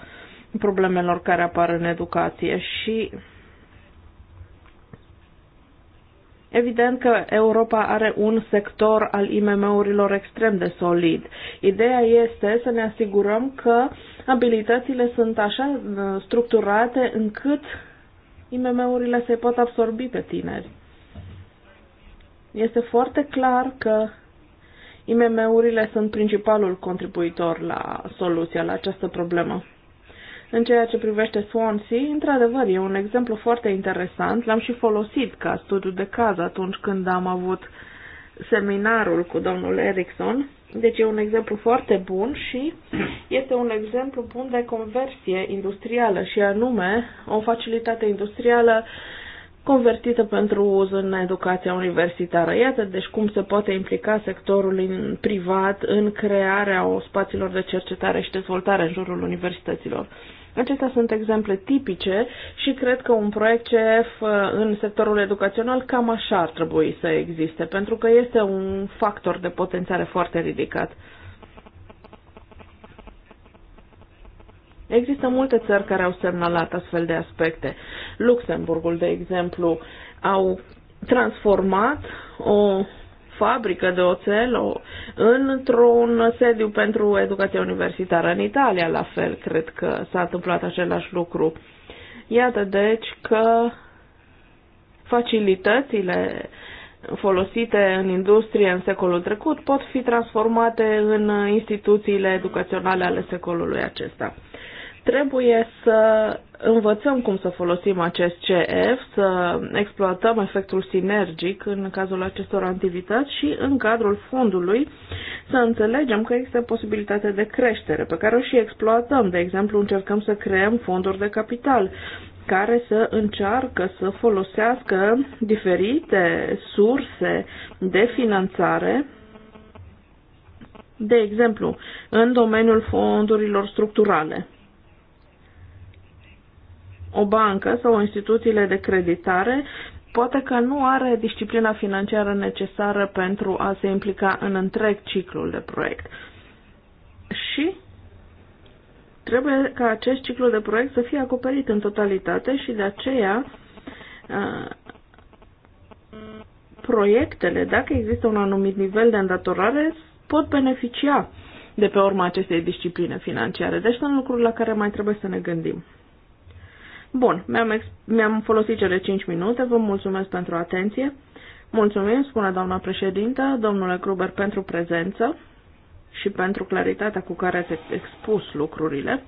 problemelor care apar în educație și Evident că Europa are un sector al IMM-urilor extrem de solid. Ideea este să ne asigurăm că abilitățile sunt așa uh, structurate încât IMM-urile se pot absorbi pe tineri. Este foarte clar că IMM-urile sunt principalul contribuitor la soluția la această problemă. În ceea ce privește Swansea, într-adevăr, e un exemplu foarte interesant. L-am și folosit ca studiu de caz atunci când am avut seminarul cu domnul Erickson. Deci e un exemplu foarte bun și este un exemplu bun de conversie industrială și anume o facilitate industrială convertită pentru uz în educația universitară. Iată, deci, cum se poate implica sectorul în privat în crearea o spațiilor de cercetare și dezvoltare în jurul universităților. Acestea sunt exemple tipice și cred că un proiect CF în sectorul educațional cam așa ar trebui să existe, pentru că este un factor de potențare foarte ridicat. Există multe țări care au semnalat astfel de aspecte. Luxemburgul, de exemplu, au transformat o fabrică de oțel într-un sediu pentru educație universitară. În Italia, la fel, cred că s-a întâmplat același lucru. Iată, deci, că facilitățile folosite în industrie în secolul trecut pot fi transformate în instituțiile educaționale ale secolului acesta. Trebuie să învățăm cum să folosim acest CF, să exploatăm efectul sinergic în cazul acestor activități și în cadrul fondului să înțelegem că există posibilitate de creștere pe care o și exploatăm. De exemplu, încercăm să creăm fonduri de capital care să încearcă să folosească diferite surse de finanțare de exemplu, în domeniul fondurilor structurale o bancă sau instituțiile de creditare poate că nu are disciplina financiară necesară pentru a se implica în întreg ciclul de proiect. Și trebuie ca acest ciclu de proiect să fie acoperit în totalitate și de aceea proiectele, dacă există un anumit nivel de îndatorare, pot beneficia de pe urma acestei discipline financiare. Deci sunt lucruri la care mai trebuie să ne gândim. Bun, mi-am, mi-am folosit cele 5 minute, vă mulțumesc pentru atenție. Mulțumim, spune doamna președintă, domnule Gruber, pentru prezență și pentru claritatea cu care ați expus lucrurile.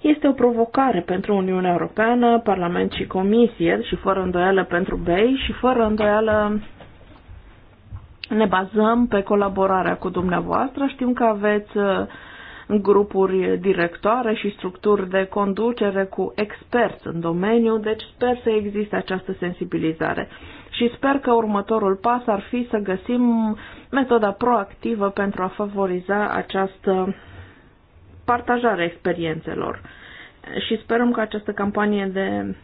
Este o provocare pentru Uniunea Europeană, Parlament și Comisie și fără îndoială pentru BEI și fără îndoială ne bazăm pe colaborarea cu dumneavoastră. Știm că aveți grupuri directoare și structuri de conducere cu experți în domeniu, deci sper să existe această sensibilizare. Și sper că următorul pas ar fi să găsim metoda proactivă pentru a favoriza această partajare a experiențelor. Și sperăm că această campanie de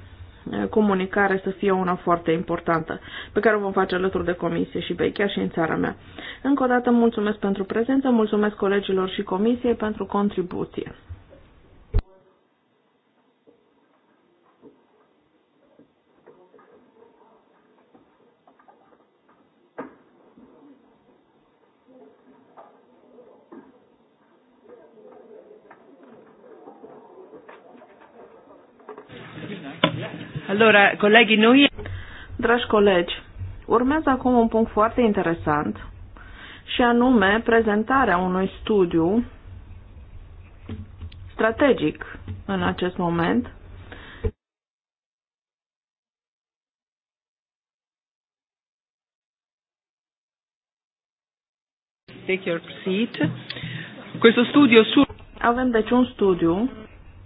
comunicare să fie una foarte importantă, pe care o vom face alături de comisie și pe chiar și în țara mea. Încă o dată mulțumesc pentru prezență, mulțumesc colegilor și comisiei pentru contribuție. Allora, colleghi, noi... Dragi colegi, urmează acum un punct foarte interesant și anume prezentarea unui studiu strategic în acest moment Take your seat. Questo studio su... Avem deci un studiu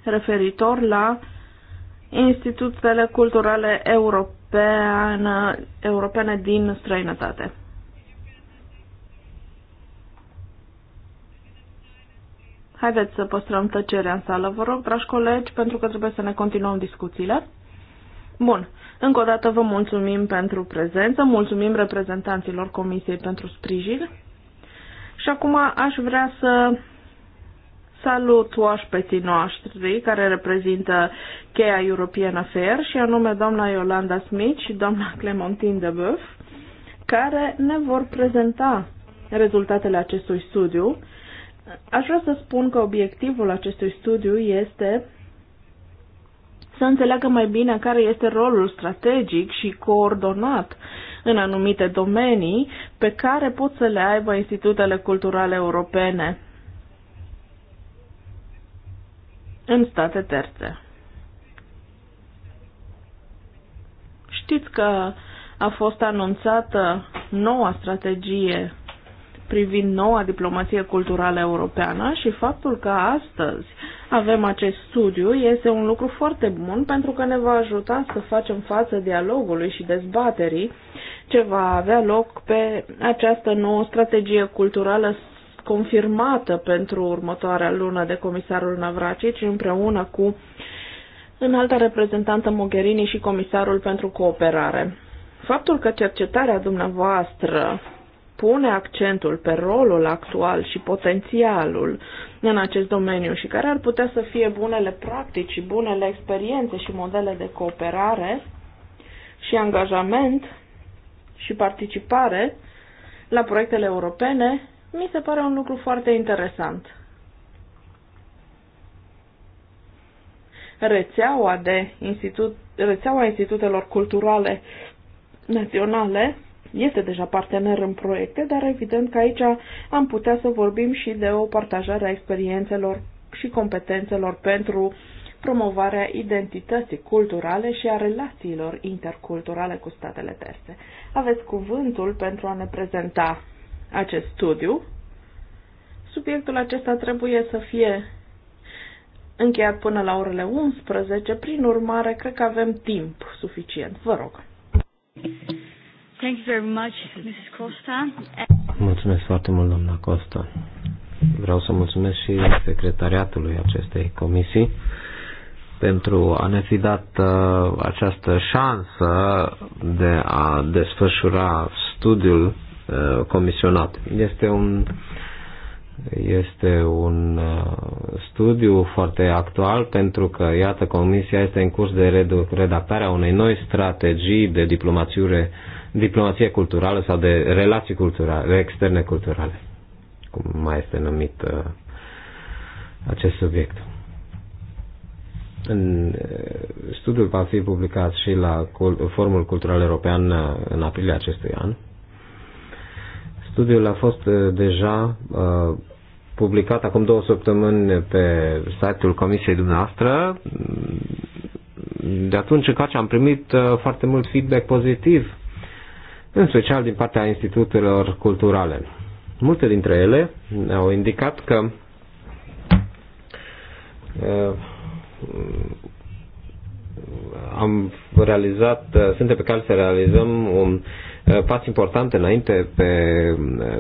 referitor la instituțiile culturale europeană, europene din străinătate. Haideți să păstrăm tăcerea în sală, vă rog, dragi colegi, pentru că trebuie să ne continuăm discuțiile. Bun. Încă o dată vă mulțumim pentru prezență, mulțumim reprezentanților Comisiei pentru sprijin. Și acum aș vrea să salut oaspeții noștri care reprezintă cheia European Affair și anume doamna Iolanda Smith și doamna Clementine de Boeuf, care ne vor prezenta rezultatele acestui studiu. Aș vrea să spun că obiectivul acestui studiu este să înțeleagă mai bine care este rolul strategic și coordonat în anumite domenii pe care pot să le aibă institutele culturale europene în state terțe. Știți că a fost anunțată noua strategie privind noua diplomație culturală europeană și faptul că astăzi avem acest studiu este un lucru foarte bun pentru că ne va ajuta să facem față dialogului și dezbaterii ce va avea loc pe această nouă strategie culturală confirmată pentru următoarea lună de comisarul Navracici împreună cu înalta reprezentantă Mogherini și comisarul pentru cooperare. Faptul că cercetarea dumneavoastră pune accentul pe rolul actual și potențialul în acest domeniu și care ar putea să fie bunele practici bunele experiențe și modele de cooperare și angajament și participare la proiectele europene mi se pare un lucru foarte interesant. Rețeaua, de institut, rețeaua institutelor culturale naționale este deja partener în proiecte, dar evident că aici am putea să vorbim și de o partajare a experiențelor și competențelor pentru promovarea identității culturale și a relațiilor interculturale cu statele terțe. Aveți cuvântul pentru a ne prezenta acest studiu. Subiectul acesta trebuie să fie încheiat până la orele 11, prin urmare, cred că avem timp suficient. Vă rog. Thank you very much, Mrs. Costa. Mulțumesc foarte mult, doamna Costa. Vreau să mulțumesc și secretariatului acestei comisii pentru a ne fi dat uh, această șansă de a desfășura studiul Uh, comisionat. Este un, este un uh, studiu foarte actual pentru că, iată, Comisia este în curs de redactarea unei noi strategii de diplomație, diplomație culturală sau de relații culturale, externe culturale, cum mai este numit uh, acest subiect. În, studiul va fi publicat și la Forumul Cultural European în aprilie acestui an Studiul a fost uh, deja uh, publicat acum două săptămâni pe site-ul comisiei dumneavoastră. De atunci încoace am primit uh, foarte mult feedback pozitiv, în special din partea institutelor culturale. Multe dintre ele au indicat că am realizat, suntem pe care să realizăm un uh, Eh, pați importante înainte pe,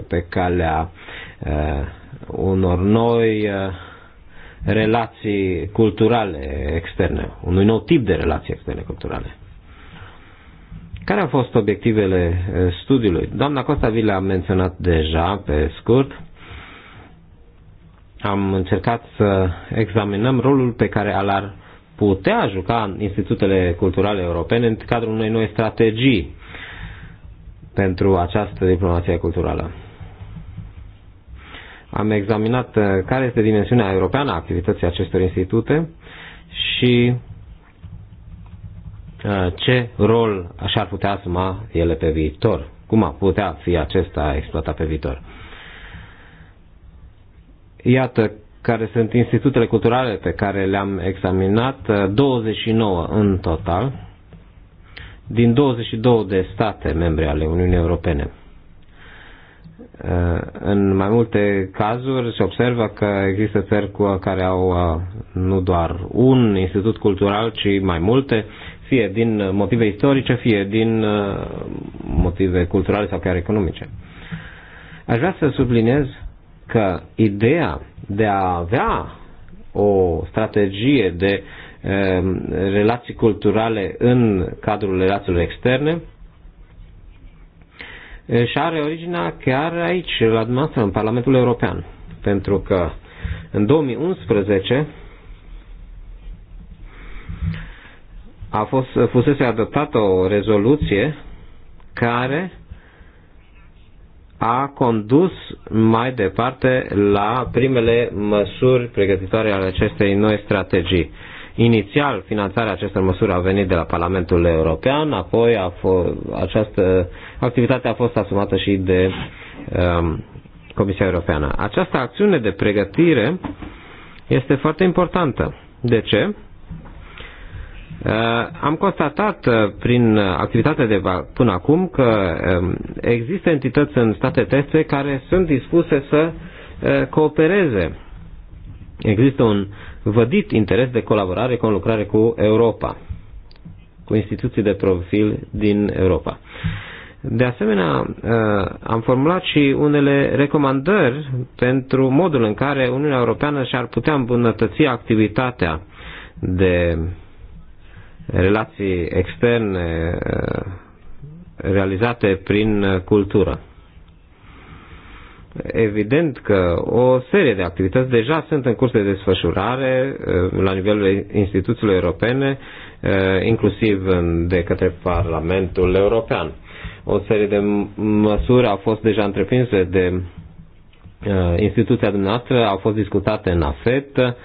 pe calea eh, unor noi eh, relații culturale externe, unui nou tip de relații externe culturale. Care au fost obiectivele studiului? Doamna Costa vi le-a menționat deja pe scurt. Am încercat să examinăm rolul pe care al ar putea juca în institutele culturale europene în cadrul unei noi strategii pentru această diplomație culturală. Am examinat uh, care este dimensiunea europeană a activității acestor institute și uh, ce rol și-ar putea asuma ele pe viitor, cum ar putea fi acesta exploatat pe viitor. Iată care sunt institutele culturale pe care le-am examinat, 29 uh, în total, din 22 de state membre ale Uniunii Europene. Uh, în mai multe cazuri se observă că există țări cu care au uh, nu doar un institut cultural, ci mai multe, fie din motive istorice, fie din uh, motive culturale sau chiar economice. Aș vrea să subliniez că ideea de a avea o strategie de uh, Ehm, relații culturale în cadrul relațiilor externe și are originea chiar aici, la dumneavoastră, în Parlamentul European. Pentru că în 2011 a fost, fusese adoptată o rezoluție care a condus mai departe la primele măsuri pregătitoare ale acestei noi strategii. Inițial, finanțarea acestor măsuri a venit de la Parlamentul European, apoi a această activitate a fost asumată și de um, Comisia Europeană. Această acțiune de pregătire este foarte importantă. De ce? Uh, am constatat uh, prin activitatea de până acum că um, există entități în state terțe care sunt dispuse să uh, coopereze. Există un vădit interes de colaborare, conlucrare cu Europa, cu instituții de profil din Europa. De asemenea, uh, am formulat și unele recomandări pentru modul în care Uniunea Europeană și-ar putea îmbunătăți activitatea de relații externe uh, realizate prin cultură. Evident că o serie de activități deja sunt în curs de desfășurare eh, la nivelul instituțiilor europene, eh, inclusiv de către Parlamentul European. O serie de măsuri au fost deja întreprinse de eh, instituția dumneavoastră, au fost discutate în AFET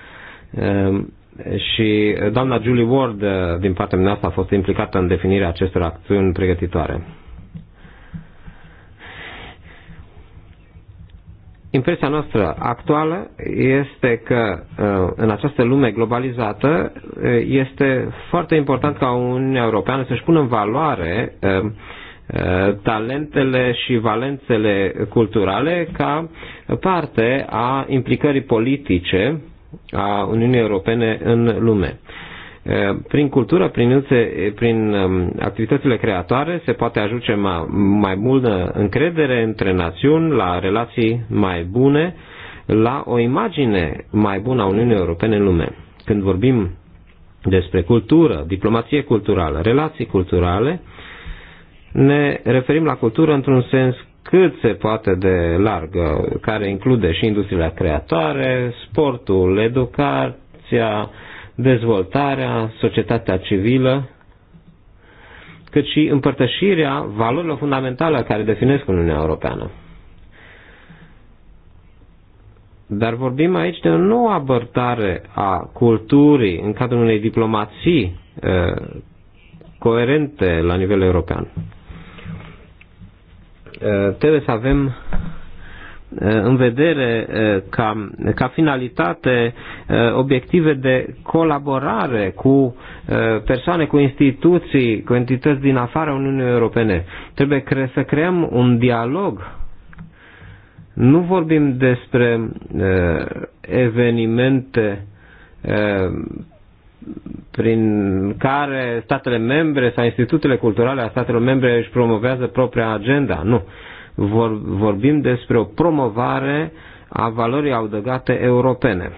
și doamna Julie Ward din partea dumneavoastră a fost implicată în definirea acestor acțiuni pregătitoare. Impresia noastră actuală este că uh, în această lume globalizată uh, este foarte important ca Uniunea Europeană să-și pună în valoare uh, talentele și valențele culturale ca parte a implicării politice a Uniunii Europene în lume. Prin cultură, prin, prin um, activitățile creatoare se poate ajunge mai, mai multă încredere între națiuni, la relații mai bune, la o imagine mai bună a Uniunii Europene în lume. Când vorbim despre cultură, diplomație culturală, relații culturale, ne referim la cultură într-un sens cât se poate de larg, care include și industria creatoare, sportul, educația, dezvoltarea, societatea civilă, cât și împărtășirea valorilor fundamentale care definesc Uniunea Europeană. Dar vorbim aici de o nouă abordare a culturii în cadrul unei diplomații coerente la nivel european. Trebuie să avem Eh, în vedere eh, ca, ca finalitate eh, obiective de colaborare cu persoane, cu instituții, cu entități din afara Uniunii Europene. Trebuie cre- să creăm un dialog. Nu vorbim despre evenimente prin care statele membre sau institutele culturale a statelor membre își promovează propria agenda. Nu vor, vorbim despre o promovare a valorii adăugate europene.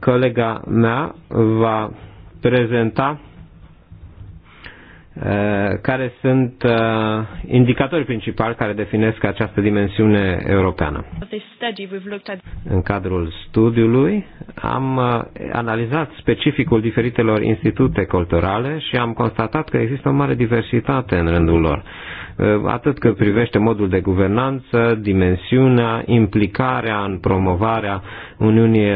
Colega mea va prezenta Eh, care sunt eh, indicatorii principali care definesc această dimensiune europeană. În cadrul studiului am eh, analizat specificul diferitelor institute culturale și am constatat că există o mare diversitate în rândul lor, atât cât privește modul de guvernanță, dimensiunea, implicarea în promovarea Uniunii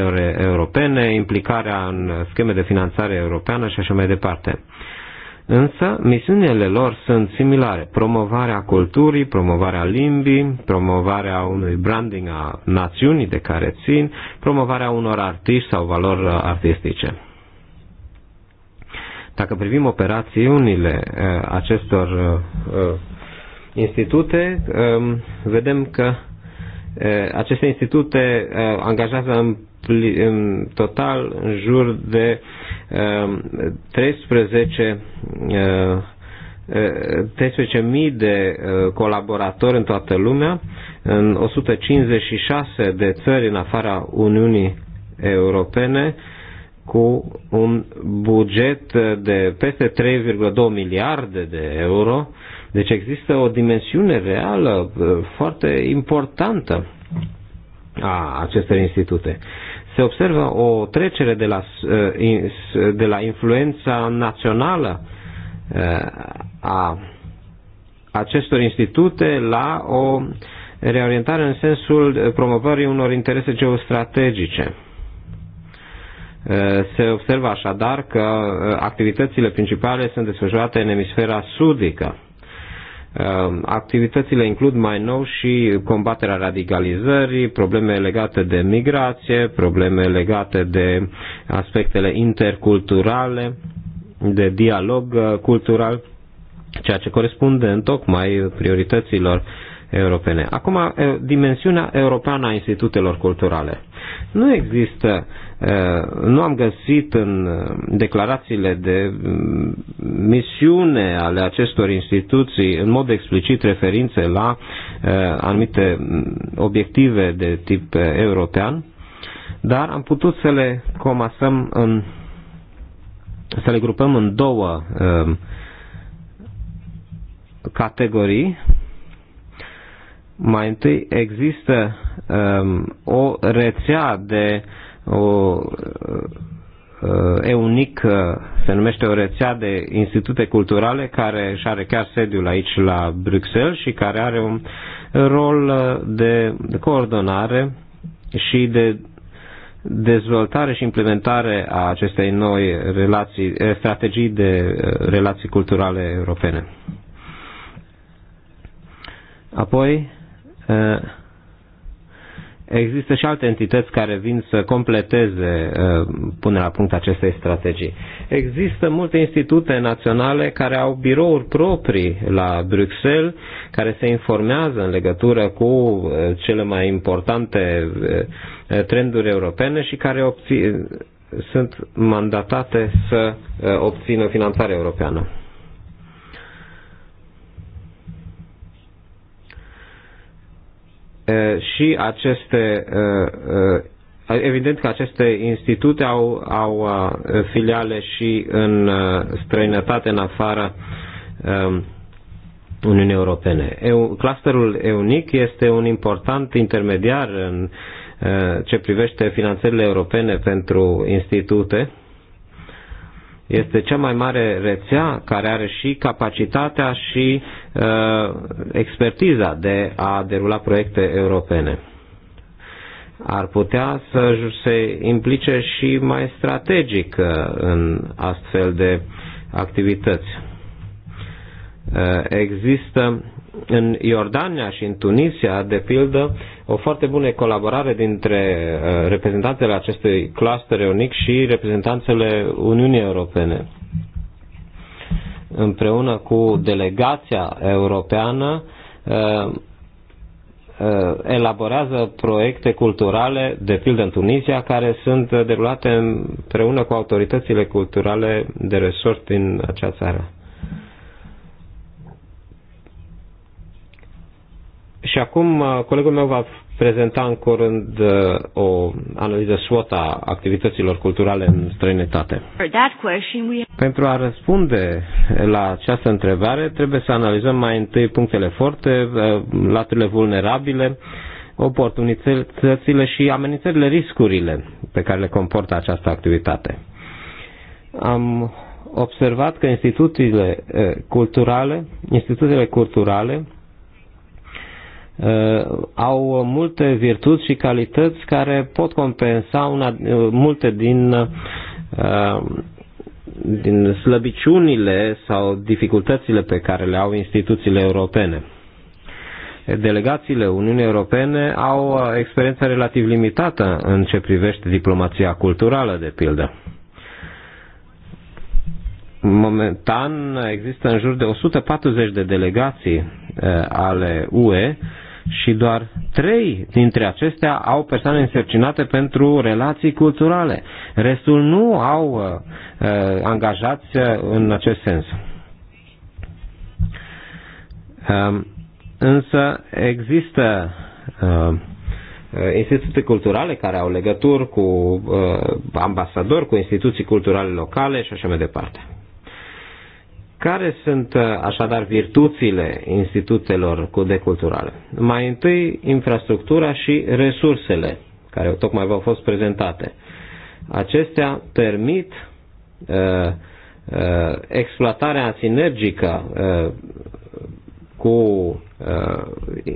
Europene, implicarea în scheme de finanțare europeană și așa mai departe însă misiunile lor sunt similare. Promovarea culturii, promovarea limbii, promovarea unui branding a națiunii de care țin, promovarea unor artiști sau valori artistice. Dacă privim operațiunile eh, acestor eh, institute, eh, vedem că aceste institute angajează în în total în jur de uh, 13 uh, 13.000 de colaboratori în toată lumea, în 156 de țări în afara Uniunii Europene, cu un buget de peste 3,2 miliarde de euro. Deci există o dimensiune reală foarte importantă a acestor institute se observă o trecere de la, uh, de la influența națională uh, a acestor institute la o reorientare în sensul promovării unor interese geostrategice. Uh, se observă așadar că activitățile principale sunt desfășurate în emisfera sudică Ehm, activitățile includ mai nou și combaterea radicalizării, probleme legate de migrație, probleme legate de aspectele interculturale, de dialog uh, cultural, ceea ce corespunde în tocmai priorităților europene. Acum, eh, dimensiunea europeană a institutelor culturale. Nu există Eh, nu am găsit în eh, declarațiile de mm, misiune ale acestor instituții în mod explicit referințe la eh, anumite mm, obiective de tip european, dar am putut să le comasăm în să le grupăm în două categorii. Mai întâi există o rețea de uh, o uh, uh, EUNIC uh, se numește o rețea de institute culturale care își are chiar sediul aici la Bruxelles și care are un rol de coordonare și de dezvoltare și implementare a acestei noi relații, eh, strategii de eh, relații culturale europene. Apoi, eh, Există și alte entități care vin să completeze uh, până la punct acestei strategii. Există multe institute naționale care au birouri proprii la Bruxelles, care se informează în legătură cu uh, cele mai importante uh, trenduri europene și care obțin, sunt mandatate să obțină finanțare europeană. și aceste Evident că aceste institute au, au filiale și în străinătate, în afara Uniunii Europene. clusterul EUNIC este un important intermediar în ce privește finanțările europene pentru institute este cea mai mare rețea care are și capacitatea și uh, expertiza de a derula proiecte europene. Ar putea să se implice și mai strategic uh, în astfel de activități. Uh, există în Iordania și în Tunisia, de pildă, o foarte bună colaborare dintre uh, reprezentantele acestui cluster unic și reprezentanțele Uniunii Europene. Împreună cu delegația europeană uh, uh, elaborează proiecte culturale, de pildă în Tunisia, care sunt derulate împreună cu autoritățile culturale de resort din acea țară. Și acum uh, colegul meu va prezenta în curând uh, o analiză SWOT a activităților culturale în străinătate. Pentru a răspunde la această întrebare, trebuie să analizăm mai întâi punctele forte, uh, laturile vulnerabile, oportunitățile și amenințările, riscurile pe care le comportă această activitate. Am observat că instituțiile culturale, instituțiile culturale Uh, au multe virtuți și calități care pot compensa una, uh, multe din, uh, din slăbiciunile sau dificultățile pe care le au instituțiile europene. Delegațiile Uniunii Europene au experiență relativ limitată în ce privește diplomația culturală, de pildă. Momentan există în jur de 140 de delegații ale UE și doar trei dintre acestea au persoane însărcinate pentru relații culturale. Restul nu au uh, uh angajați uh, în acest sens. Uh, însă există uh, instituții culturale care au legături cu uh, ambasadori, cu instituții culturale locale și așa mai departe. Care sunt uh, așadar virtuțile institutelor de culturale? Mai întâi, infrastructura și resursele, care tocmai v-au fost prezentate. Acestea permit uh, uh, exploatarea sinergică uh, cu uh,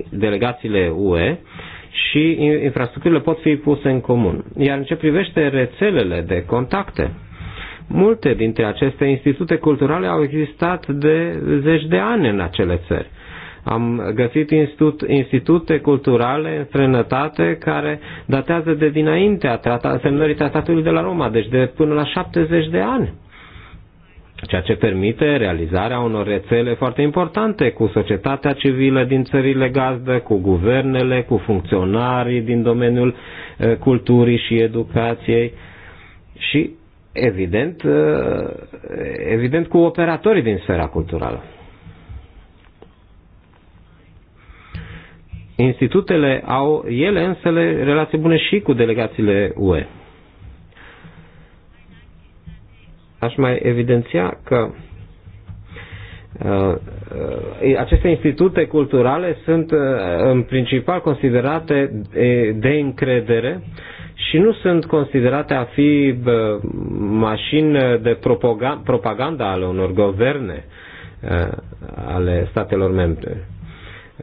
delegațiile UE și infrastructurile pot fi puse în comun. Iar în ce privește rețelele de contacte, Multe dintre aceste institute culturale au existat de zeci de ani în acele țări. Am găsit institut, institute culturale în străinătate care datează de a trata, semnării tratatului de la Roma, deci de până la 70 de ani ceea ce permite realizarea unor rețele foarte importante cu societatea civilă din țările gazdă, cu guvernele, cu funcționarii din domeniul eh, culturii și educației. Și evident, uh, evident cu operatorii din sfera culturală. Institutele au ele însele relații bune și cu delegațiile UE. Aș mai evidenția că uh, uh, aceste institute culturale sunt în principal considerate de încredere și nu sunt considerate a fi mașini de propagandă ale unor guverne uh, ale statelor membre.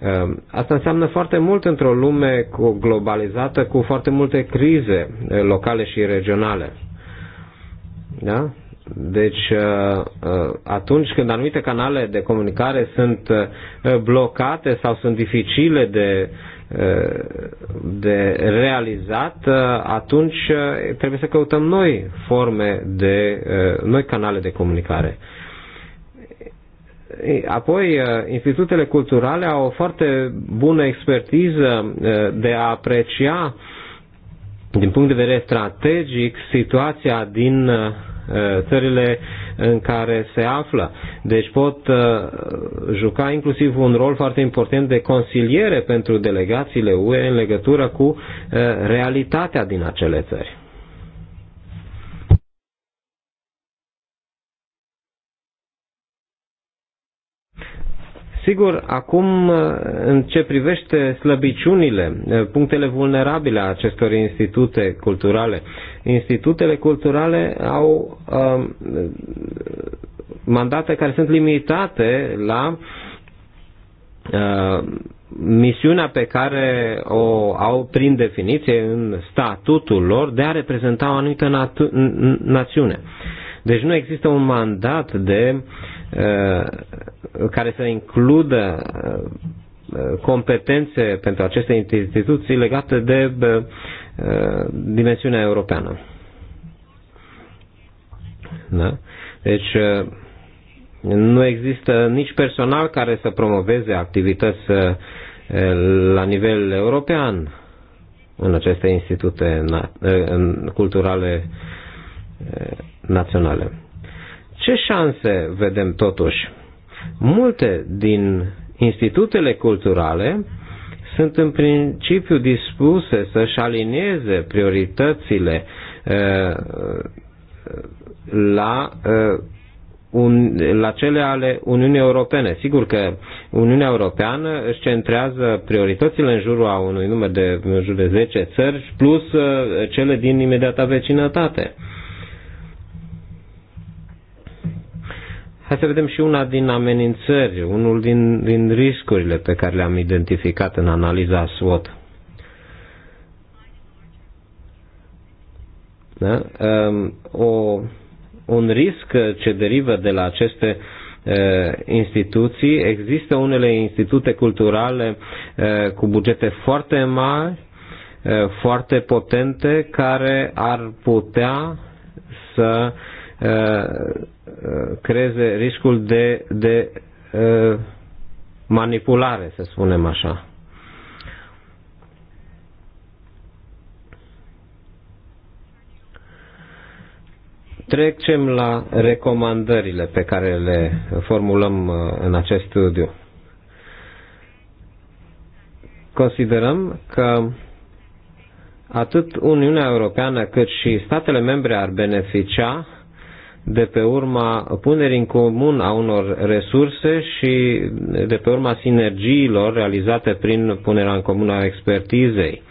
Uh, asta înseamnă foarte mult într-o lume globalizată cu foarte multe crize uh, locale și regionale. Da? Deci, atunci când anumite canale de comunicare sunt blocate sau sunt dificile de de realizat, atunci eh, trebuie să căutăm noi forme de, eh, noi canale de comunicare. Apoi, eh, institutele culturale au o foarte bună expertiză de a aprecia din punct de vedere strategic situația din Uh, țările în care se află. Deci pot uh, juca inclusiv un rol foarte important de consiliere pentru delegațiile UE în legătură cu uh, realitatea din acele țări. Sigur, acum, în ce privește slăbiciunile, punctele vulnerabile a acestor institute culturale, institutele culturale au uh, mandate care sunt limitate la uh, misiunea pe care o au prin definiție în statutul lor de a reprezenta o anumită națiune. Deci nu există un mandat de uh, care să includă uh, competențe pentru aceste instituții legate de uh, Uh, dimensiunea europeană. Da? Deci uh, nu există nici personal care să promoveze activități uh, la nivel european în aceste institute culturale naționale. Ce șanse vedem totuși? Multe din institutele culturale sunt în principiu dispuse să-și alinieze prioritățile eh, la, eh, un, la cele ale Uniunii Europene. Sigur că Uniunea Europeană își centrează prioritățile în jurul a unui număr de în jur de 10 țări plus eh, cele din imediata vecinătate. Hai să vedem și una din amenințări, unul din, din riscurile pe care le-am identificat în analiza SWOT. Da? Ehm, o, un risc ce derivă de la aceste instituții. Există unele institute culturale cu bugete foarte mari, foarte potente, care ar putea să Uh, creeze riscul de, de uh, manipulare, să spunem așa. Trecem la recomandările pe care le formulăm uh, în acest studiu. Considerăm că atât Uniunea Europeană cât și statele membre ar beneficia de pe urma punerii în comun a unor resurse și de pe urma sinergiilor realizate prin punerea în comun a expertizei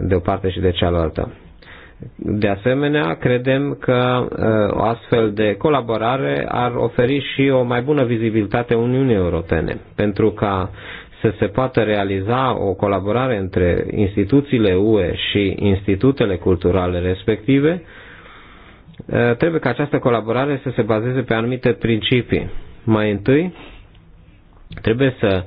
de o parte și de cealaltă. De asemenea, credem că uh, o astfel de colaborare ar oferi și o mai bună vizibilitate Uniunii Europene, pentru ca să se poată realiza o colaborare între instituțiile UE și institutele culturale respective, Eh, trebuie ca această colaborare să se bazeze pe anumite principii. Mai întâi, trebuie să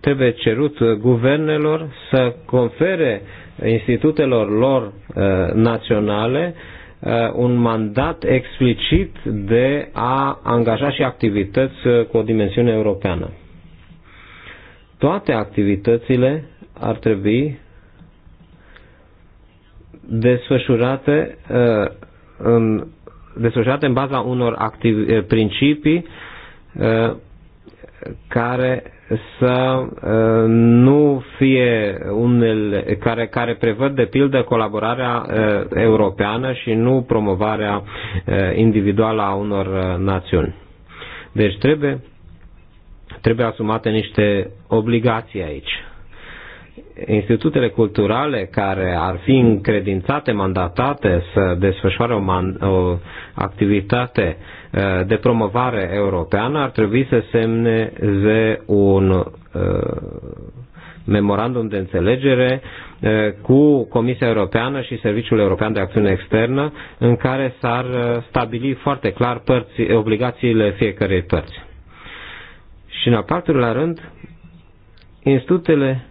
trebuie cerut guvernelor să confere institutelor lor eh, naționale eh, un mandat explicit de a angaja și activități cu o dimensiune europeană. Toate activitățile ar trebui desfășurate în desfășurate în baza unor activi, eh, principii eh, care să eh, nu fie unele care, care prevăd de pildă colaborarea europeană și nu promovarea individuală a unor națiuni. Deci trebuie, trebuie asumate niște obligații aici institutele culturale care ar fi încredințate, mandatate să desfășoare o, man, o activitate uh, de promovare europeană ar trebui să semneze un uh, memorandum de înțelegere uh, cu Comisia Europeană și Serviciul European de Acțiune Externă în care s-ar stabili foarte clar părți, obligațiile fiecărei părți. Și în al patrulea rând, institutele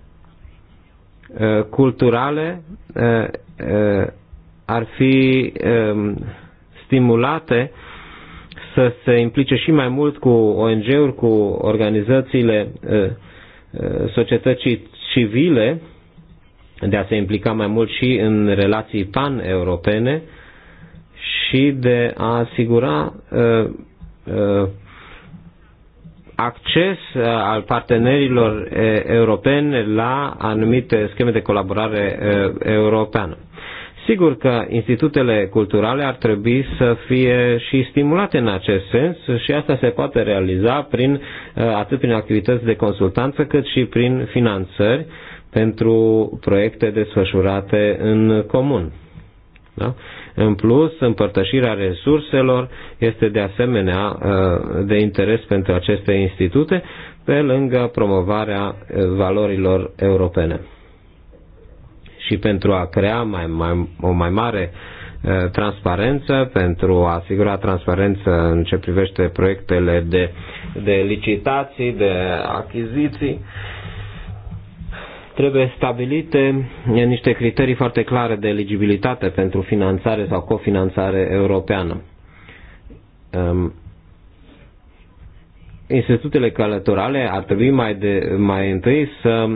Uh, culturale uh, uh, ar fi um, stimulate să se implice și mai mult cu ONG-uri, cu organizațiile societății civile, de a se implica mai mult și în relații pan-europene și de a asigura acces uh, al partenerilor uh, europeni la anumite scheme de colaborare uh, europeană. Sigur că institutele culturale ar trebui să fie și stimulate în acest sens și asta se poate realiza prin, atât prin activități de consultanță cât și prin finanțări pentru proiecte desfășurate în comun. Da? În plus, împărtășirea resurselor este de asemenea uh, de interes pentru aceste institute, pe lângă promovarea uh, valorilor europene. Și pentru a crea mai, mai, o mai mare uh, transparență, pentru a asigura transparență în ce privește proiectele de, de licitații, de achiziții, uh, Trebuie stabilite niște criterii foarte clare de eligibilitate pentru finanțare sau cofinanțare europeană. Ehm, institutele călătorale ar trebui mai, de, mai întâi să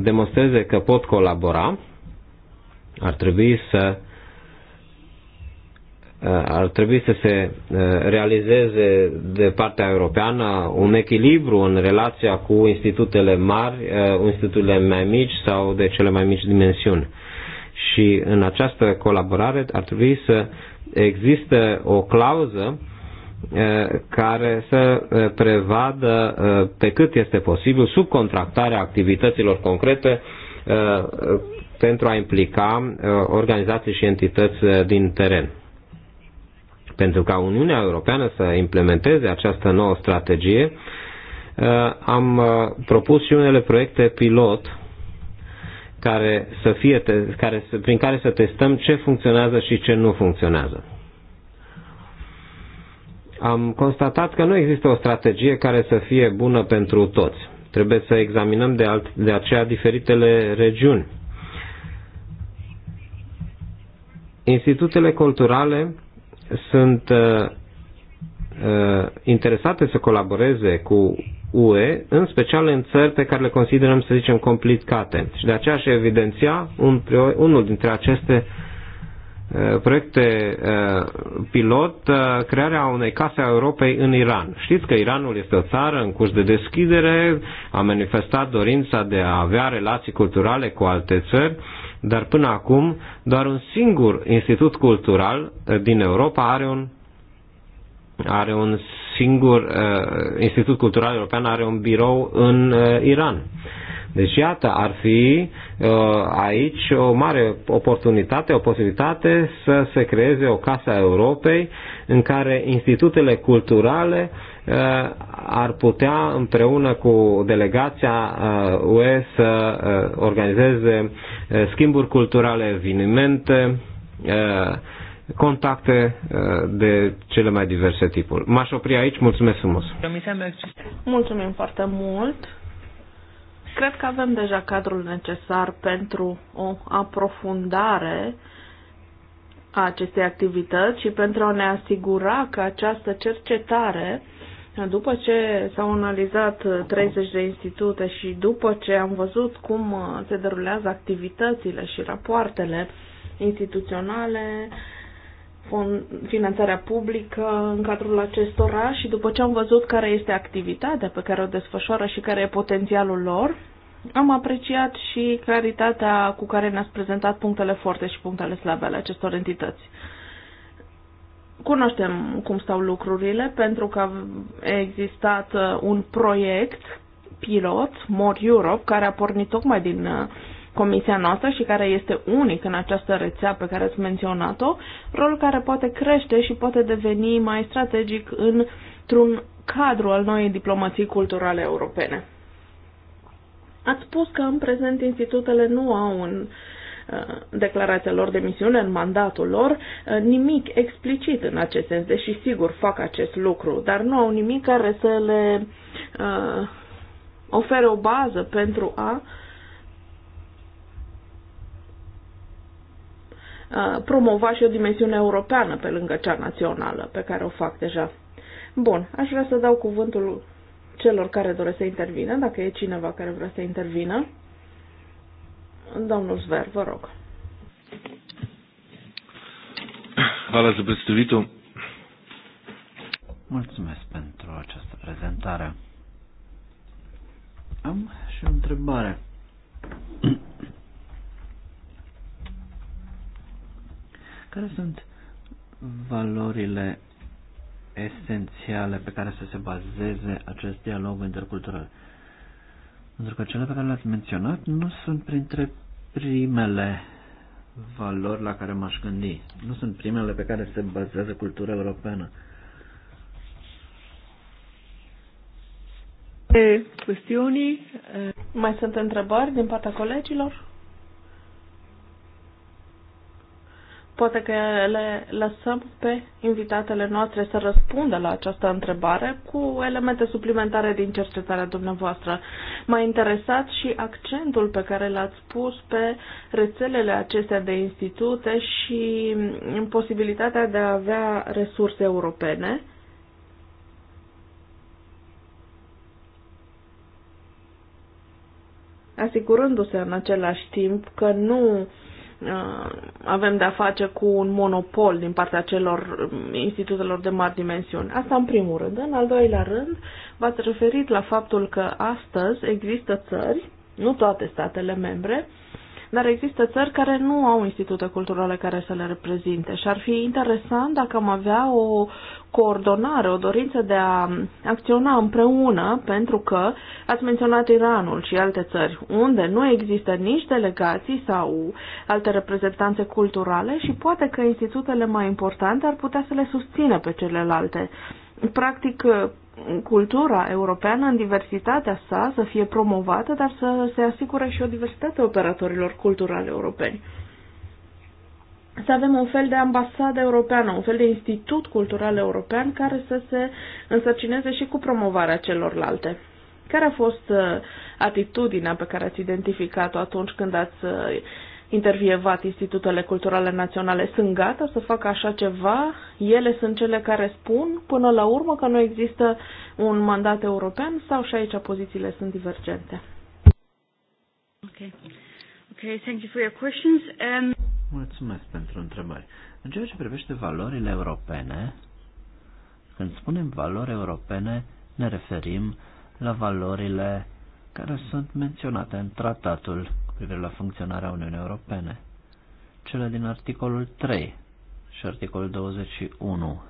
demonstreze că pot colabora, ar trebui să uh, Uh, ar trebui să se uh, realizeze de partea europeană un echilibru în relația cu institutele mari, uh, institutele mai mici sau de cele mai mici dimensiuni. Și în această colaborare ar trebui să există o clauză care să prevadă pe cât este posibil subcontractarea activităților concrete pentru a implica organizații și entități din teren pentru ca Uniunea Europeană să implementeze această nouă strategie, eh, am eh, propus și unele proiecte pilot care să fie, care, prin care să testăm ce funcționează și ce nu funcționează. Am constatat că nu există o strategie care să fie bună pentru toți. Trebuie să examinăm de, alt, de aceea diferitele regiuni. Institutele culturale sunt uh, uh, interesate să colaboreze cu UE, în special în țări pe care le considerăm, să zicem, complicate. Și de aceea aș evidenția un, unul dintre aceste uh, proiecte pilot, crearea unei case a Europei în Iran. Știți că Iranul este o țară în curs de deschidere, a manifestat dorința de a avea relații culturale cu alte țări dar până acum, doar un singur institut cultural eh, din Europa are un are un singur uh, institut cultural european are un birou în uh, Iran. Deci iată, ar fi uh, aici o mare oportunitate, o posibilitate să se creeze o casă a Europei în care institutele culturale uh, Uh, ar putea împreună cu delegația uh, UE să uh, organizeze schimburi culturale, evenimente, contacte de cele mai diverse tipuri. M-aș opri aici, mulțumesc frumos! Mulțumim foarte mult! Cred că avem deja cadrul necesar pentru o aprofundare a acestei activități și pentru a ne asigura că această cercetare după ce s-au analizat 30 de institute și după ce am văzut cum uh, se derulează activitățile și rapoartele instituționale, finanțarea publică în cadrul acestora și după ce am văzut care este activitatea pe care o desfășoară și care e potențialul lor, am apreciat și claritatea cu care ne-ați prezentat punctele forte și punctele slabe ale acestor entități cunoaștem cum stau lucrurile pentru că a existat uh, un proiect pilot, More Europe, care a pornit tocmai din uh, comisia noastră și care este unic în această rețea pe care ați menționat-o, rol care poate crește și poate deveni mai strategic într-un cadru al noii diplomații culturale europene. Ați spus că în prezent institutele nu au un uh, Uh, declarația lor de misiune, în mandatul lor, uh, nimic explicit în acest sens, deși sigur fac acest lucru, dar nu au nimic care să le uh, ofere o bază pentru a uh, promova și o dimensiune europeană pe lângă cea națională pe care o fac deja. Bun, aș vrea să dau cuvântul celor care doresc să intervină, dacă e cineva care vrea să intervină. Domnul Zver, vă rog. Hvala za predstavitev. Mulțumesc pentru această prezentare. Am și o întrebare. Care sunt valorile esențiale pe care să se bazeze acest dialog intercultural? Pentru că cele pe care le-ați menționat nu sunt printre primele valori la care m-aș gândi. Nu sunt primele pe care se bazează cultura europeană. Chestiuni? Uh, mai sunt întrebări din partea colegilor? Poate că le lăsăm pe invitatele noastre să răspundă la această întrebare cu elemente suplimentare din cercetarea dumneavoastră. M-a interesat și accentul pe care l-ați pus pe rețelele acestea de institute și posibilitatea de a avea resurse europene. asigurându-se în același timp că nu Uh, avem de-a face cu un monopol din partea celor um, institutelor de mari dimensiuni. Asta în primul rând. În al doilea rând, v-ați referit la faptul că astăzi există țări, nu toate statele membre, uh, dar există țări care nu au institute culturale care să le reprezinte și ar fi interesant dacă am avea o coordonare, o dorință de a acționa împreună, pentru că ați menționat Iranul și alte țări unde nu există nici delegații sau alte reprezentanțe culturale și poate că institutele mai importante ar putea să le susțină pe celelalte. Practic, cultura europeană în diversitatea sa să fie promovată, dar să se asigure și o diversitate operatorilor culturale europeni. Să avem un fel de ambasadă europeană, un fel de institut cultural european care să se însărcineze și cu promovarea celorlalte. Care a fost uh, atitudinea pe care ați identificat-o atunci când ați uh, intervievat Institutele Culturale Naționale sunt gata să facă așa ceva. Ele sunt cele care spun până la urmă că nu există un mandat european sau și aici pozițiile sunt divergente. Okay. Okay, thank you for your questions. Um... Mulțumesc pentru întrebări. În ceea ce privește valorile europene, când spunem valori europene, ne referim la valorile care sunt menționate în tratatul cu privire la funcționarea Uniunii Europene. Cele din articolul 3 și articolul 21.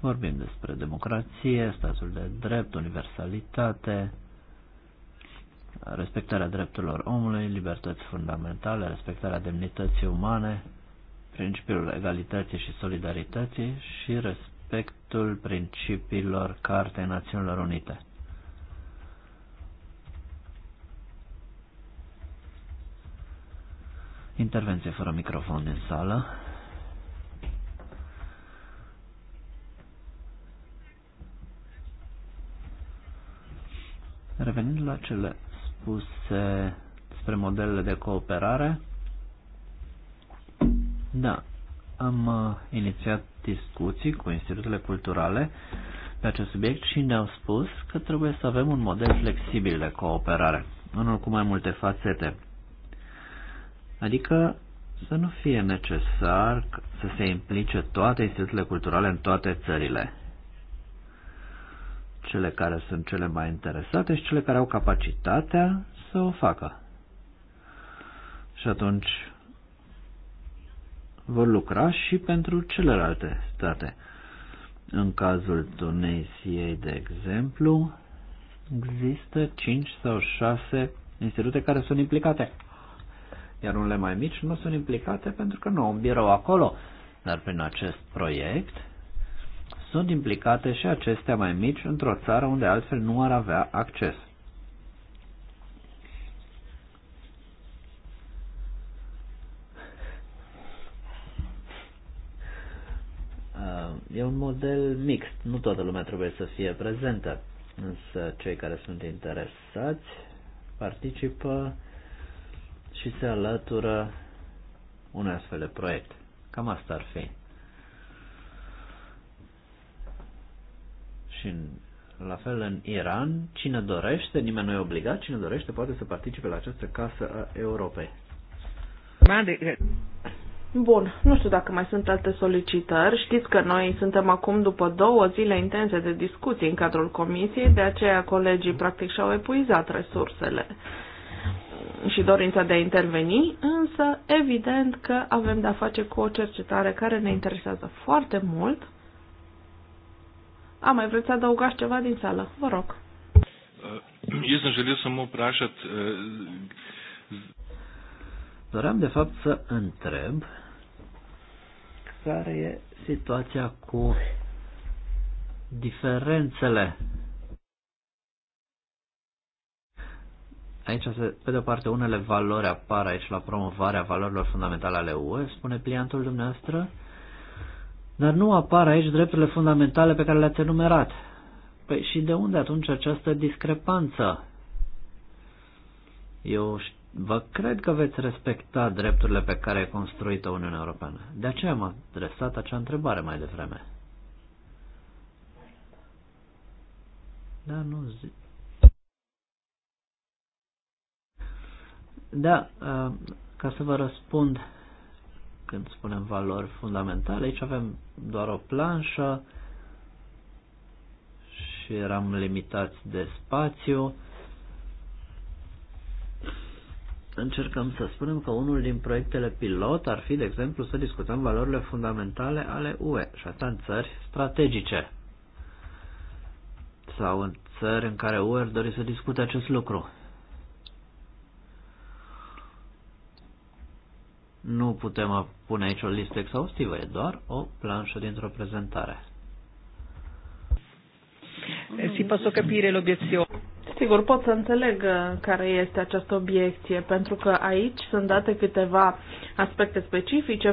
Vorbim despre democrație, statul de drept, universalitate, respectarea drepturilor omului, libertăți fundamentale, respectarea demnității umane, principiul egalității și solidarității și respectul principiilor Cartei Națiunilor Unite. Intervenție fără microfon în sală. Revenind la cele spuse despre modelele de cooperare, da, am uh, inițiat discuții cu institutele culturale pe acest subiect și ne-au spus că trebuie să avem un model flexibil de cooperare, unul cu mai multe fațete. Adică să nu fie necesar să se implice toate instituțiile culturale în toate țările. Cele care sunt cele mai interesate și cele care au capacitatea să o facă. Și atunci vor lucra și pentru celelalte state. În cazul Tunisiei, de exemplu, există 5 sau 6 institute care sunt implicate iar unele mai mici nu sunt implicate pentru că nu au un birou acolo. Dar prin acest proiect sunt implicate și acestea mai mici într-o țară unde altfel nu ar avea acces. E un model mixt, nu toată lumea trebuie să fie prezentă, însă cei care sunt interesați participă și se alătură un astfel de proiect. Cam asta ar fi. Și în, la fel în Iran, cine dorește, nimeni nu e obligat, cine dorește poate să participe la această casă a Europei. Bun, nu știu dacă mai sunt alte solicitări. Știți că noi suntem acum după două zile intense de discuții în cadrul comisiei, de aceea colegii practic și-au epuizat resursele și dorința de a interveni, însă evident că avem de-a face cu o cercetare care ne interesează foarte mult. A, mai vreți să adăugați ceva din sală? Vă rog. Eu sunt să mă vprašat... Doream de fapt să întreb care e situația cu diferențele aici, pe de-o parte, unele valori apar aici la promovarea valorilor fundamentale ale UE, spune pliantul dumneavoastră, dar nu apar aici drepturile fundamentale pe care le-ați enumerat. Păi și de unde atunci această discrepanță? Eu vă cred că veți respecta drepturile pe care e construită Uniunea Europeană. De aceea am adresat acea întrebare mai devreme. Da, nu, zic. Da, uh, ca să vă răspund când spunem valori fundamentale, aici avem doar o planșă și eram limitați de spațiu. Încercăm să spunem că unul din proiectele pilot ar fi, de exemplu, să discutăm valorile fundamentale ale UE și asta în țări strategice sau în țări în care UE ar dori să discute acest lucru. Nu putem pune aici o listă exhaustivă, e doar o planșă dintr-o prezentare. Eh, si posso capire l'obiezione. Sigur, pot să înțeleg eh, care este această obiecție, pentru că aici sunt date câteva aspecte specifice,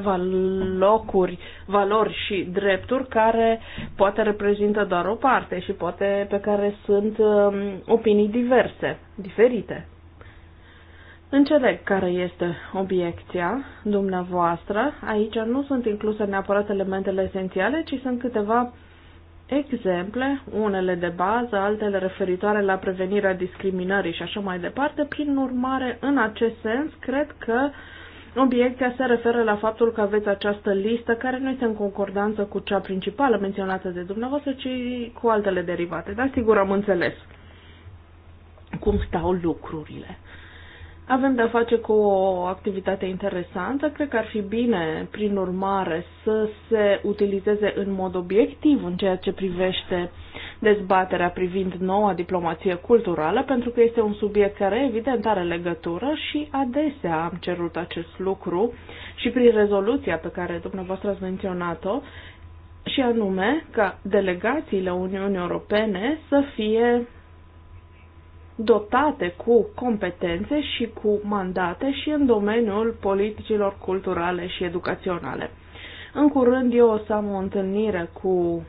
locuri, valori și drepturi care poate reprezintă doar o parte și poate pe care sunt ehm, opinii diverse, diferite. Înțeleg care este obiecția dumneavoastră. Aici nu sunt incluse neapărat elementele esențiale, ci sunt câteva exemple, unele de bază, altele referitoare la prevenirea discriminării și așa mai departe. Prin urmare, în acest sens, cred că obiecția se referă la faptul că aveți această listă care nu este în concordanță cu cea principală menționată de dumneavoastră, ci cu altele derivate. Dar sigur am înțeles cum stau lucrurile. Avem de-a face cu o activitate interesantă. Cred că ar fi bine, prin urmare, să se utilizeze în mod obiectiv în ceea ce privește dezbaterea privind noua diplomație culturală, pentru că este un subiect care, evident, are legătură și adesea am cerut acest lucru și prin rezoluția pe care dumneavoastră ați menționat-o, și anume ca delegațiile Uniunii Europene să fie dotate cu competențe și cu mandate și în domeniul politicilor culturale și educaționale. În curând eu o să am o întâlnire cu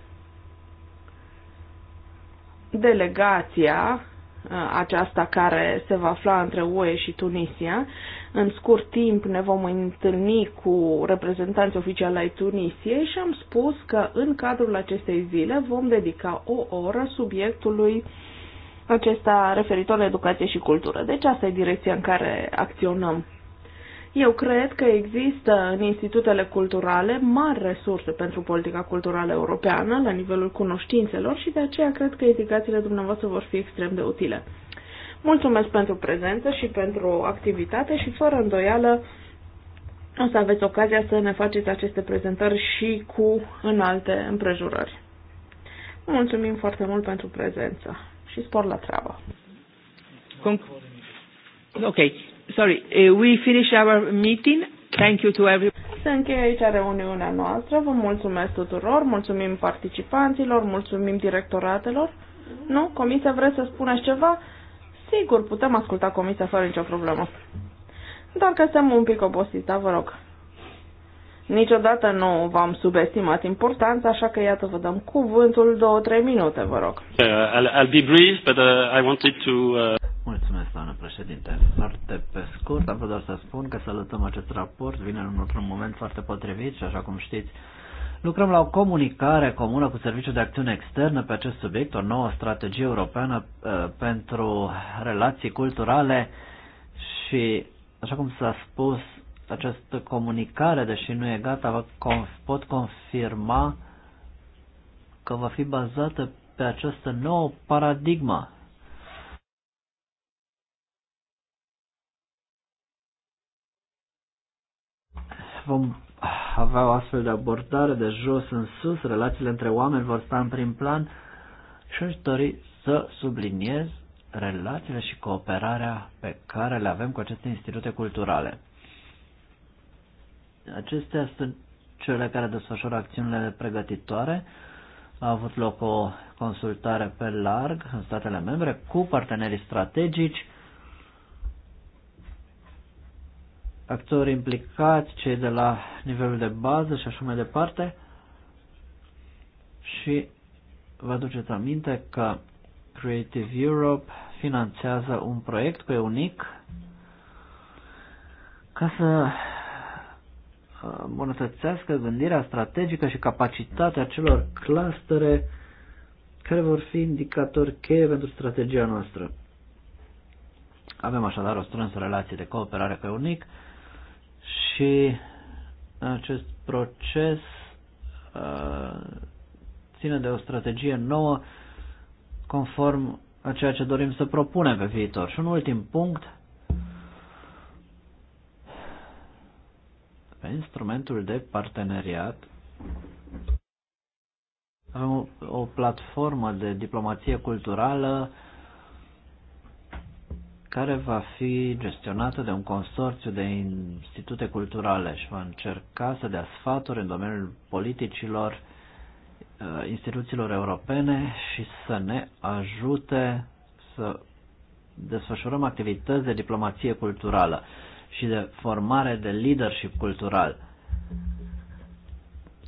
delegația uh, aceasta care se va afla între UE și Tunisia. În scurt timp ne vom întâlni cu reprezentanți oficiali ai Tunisiei și am spus că în cadrul acestei zile vom dedica o oră subiectului uh, acesta referitor la educație și cultură. Deci asta e direcția în care acționăm. Eu cred că există în institutele culturale mari resurse pentru politica culturală europeană la nivelul cunoștințelor și de aceea cred că indicațiile dumneavoastră vor fi extrem de utile. Mulțumesc pentru prezență și pentru activitate și fără îndoială o să aveți ocazia să ne faceți aceste prezentări și cu în alte împrejurări. Mulțumim foarte mult pentru prezență și spor la treabă. ok, sorry, eh, we finish our meeting. Thank you to everyone. Se încheie aici reuniunea noastră. Vă mulțumesc tuturor, mulțumim participanților, mulțumim directoratelor. Nu? Comisia, vreți să spuneți ceva? Sigur, putem asculta comisia fără nicio problemă. Doar că suntem un pic obosiți, dar vă rog, Niciodată nu v-am subestimat importanța, așa că iată vă dăm cuvântul, două-trei minute, vă rog. Uh, uh, uh, Mulțumesc, doamnă președinte. Foarte pe scurt, am doar să spun că salutăm acest raport, vine în un moment foarte potrivit și, așa cum știți, lucrăm la o comunicare comună cu Serviciul de Acțiune Externă pe acest subiect, o nouă strategie europeană uh, pentru relații culturale și, așa cum s-a spus, această comunicare, deși nu e gata, vă conf- pot confirma că va fi bazată pe această nouă paradigmă. Vom avea o astfel de abordare de jos în sus, relațiile între oameni vor sta în prim plan și aș dori să subliniez relațiile și cooperarea pe care le avem cu aceste institute culturale. Acestea sunt cele care desfășoară acțiunile pregătitoare. A avut loc o consultare pe larg în statele membre cu partenerii strategici, actori implicați, cei de la nivelul de bază și așa mai departe. Și vă aduceți aminte că Creative Europe finanțează un proiect pe unic ca să îmbunătățească gândirea strategică și capacitatea celor clustere care vor fi indicatori cheie pentru strategia noastră. Avem așadar o strânsă relație de cooperare pe UNIC și acest proces uh, ține de o strategie nouă conform a ceea ce dorim să propunem pe viitor. Și un ultim punct, Pe instrumentul de parteneriat avem o, o platformă de diplomație culturală care va fi gestionată de un consorțiu de institute culturale și va încerca să dea sfaturi în domeniul politicilor uh, instituțiilor europene și să ne ajute să desfășurăm activități de diplomație culturală și de formare de leadership cultural.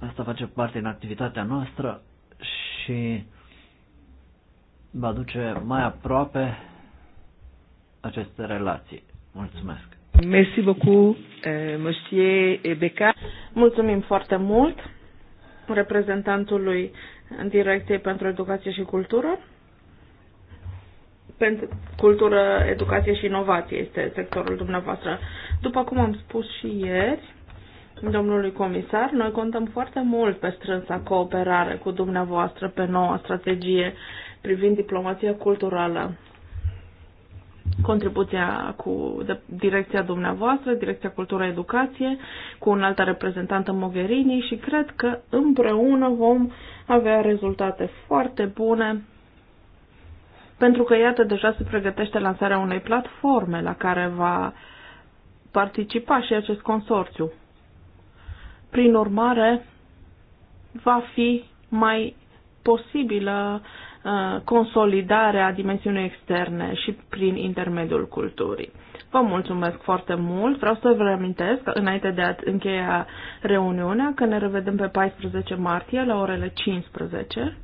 Asta face parte din activitatea noastră și va aduce mai aproape aceste relații. Mulțumesc! Mersi beaucoup, euh, monsieur Beca. Mulțumim foarte mult reprezentantului Direcției pentru Educație și Cultură pentru cultură, educație și inovație este sectorul dumneavoastră. După cum am spus și ieri, domnului comisar, noi contăm foarte mult pe strânsa cooperare cu dumneavoastră pe noua strategie privind diplomația culturală. Contribuția cu direcția dumneavoastră, Direcția cultură, Educație, cu un altă reprezentantă Mogherini și cred că împreună vom avea rezultate foarte bune pentru că, iată, deja se pregătește lansarea unei platforme la care va participa și acest consorțiu. Prin urmare, va fi mai posibilă uh, consolidarea dimensiunii externe și prin intermediul culturii. Vă mulțumesc foarte mult. Vreau să vă reamintesc, înainte de a încheia reuniunea, că ne revedem pe 14 martie la orele 15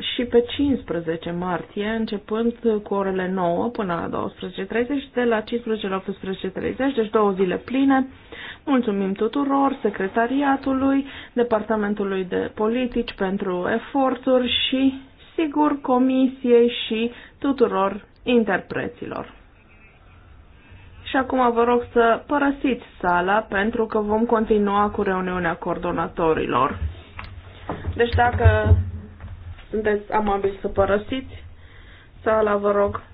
și pe 15 martie, începând cu orele 9 până la 12.30, de la 15 la 18.30, deci două zile pline. Mulțumim tuturor, secretariatului, departamentului de politici pentru eforturi și, sigur, comisiei și tuturor interpreților. Și acum vă rog să părăsiți sala pentru că vom continua cu reuniunea coordonatorilor. Deci dacă sunteți amabili să părăsiți sala, vă rog.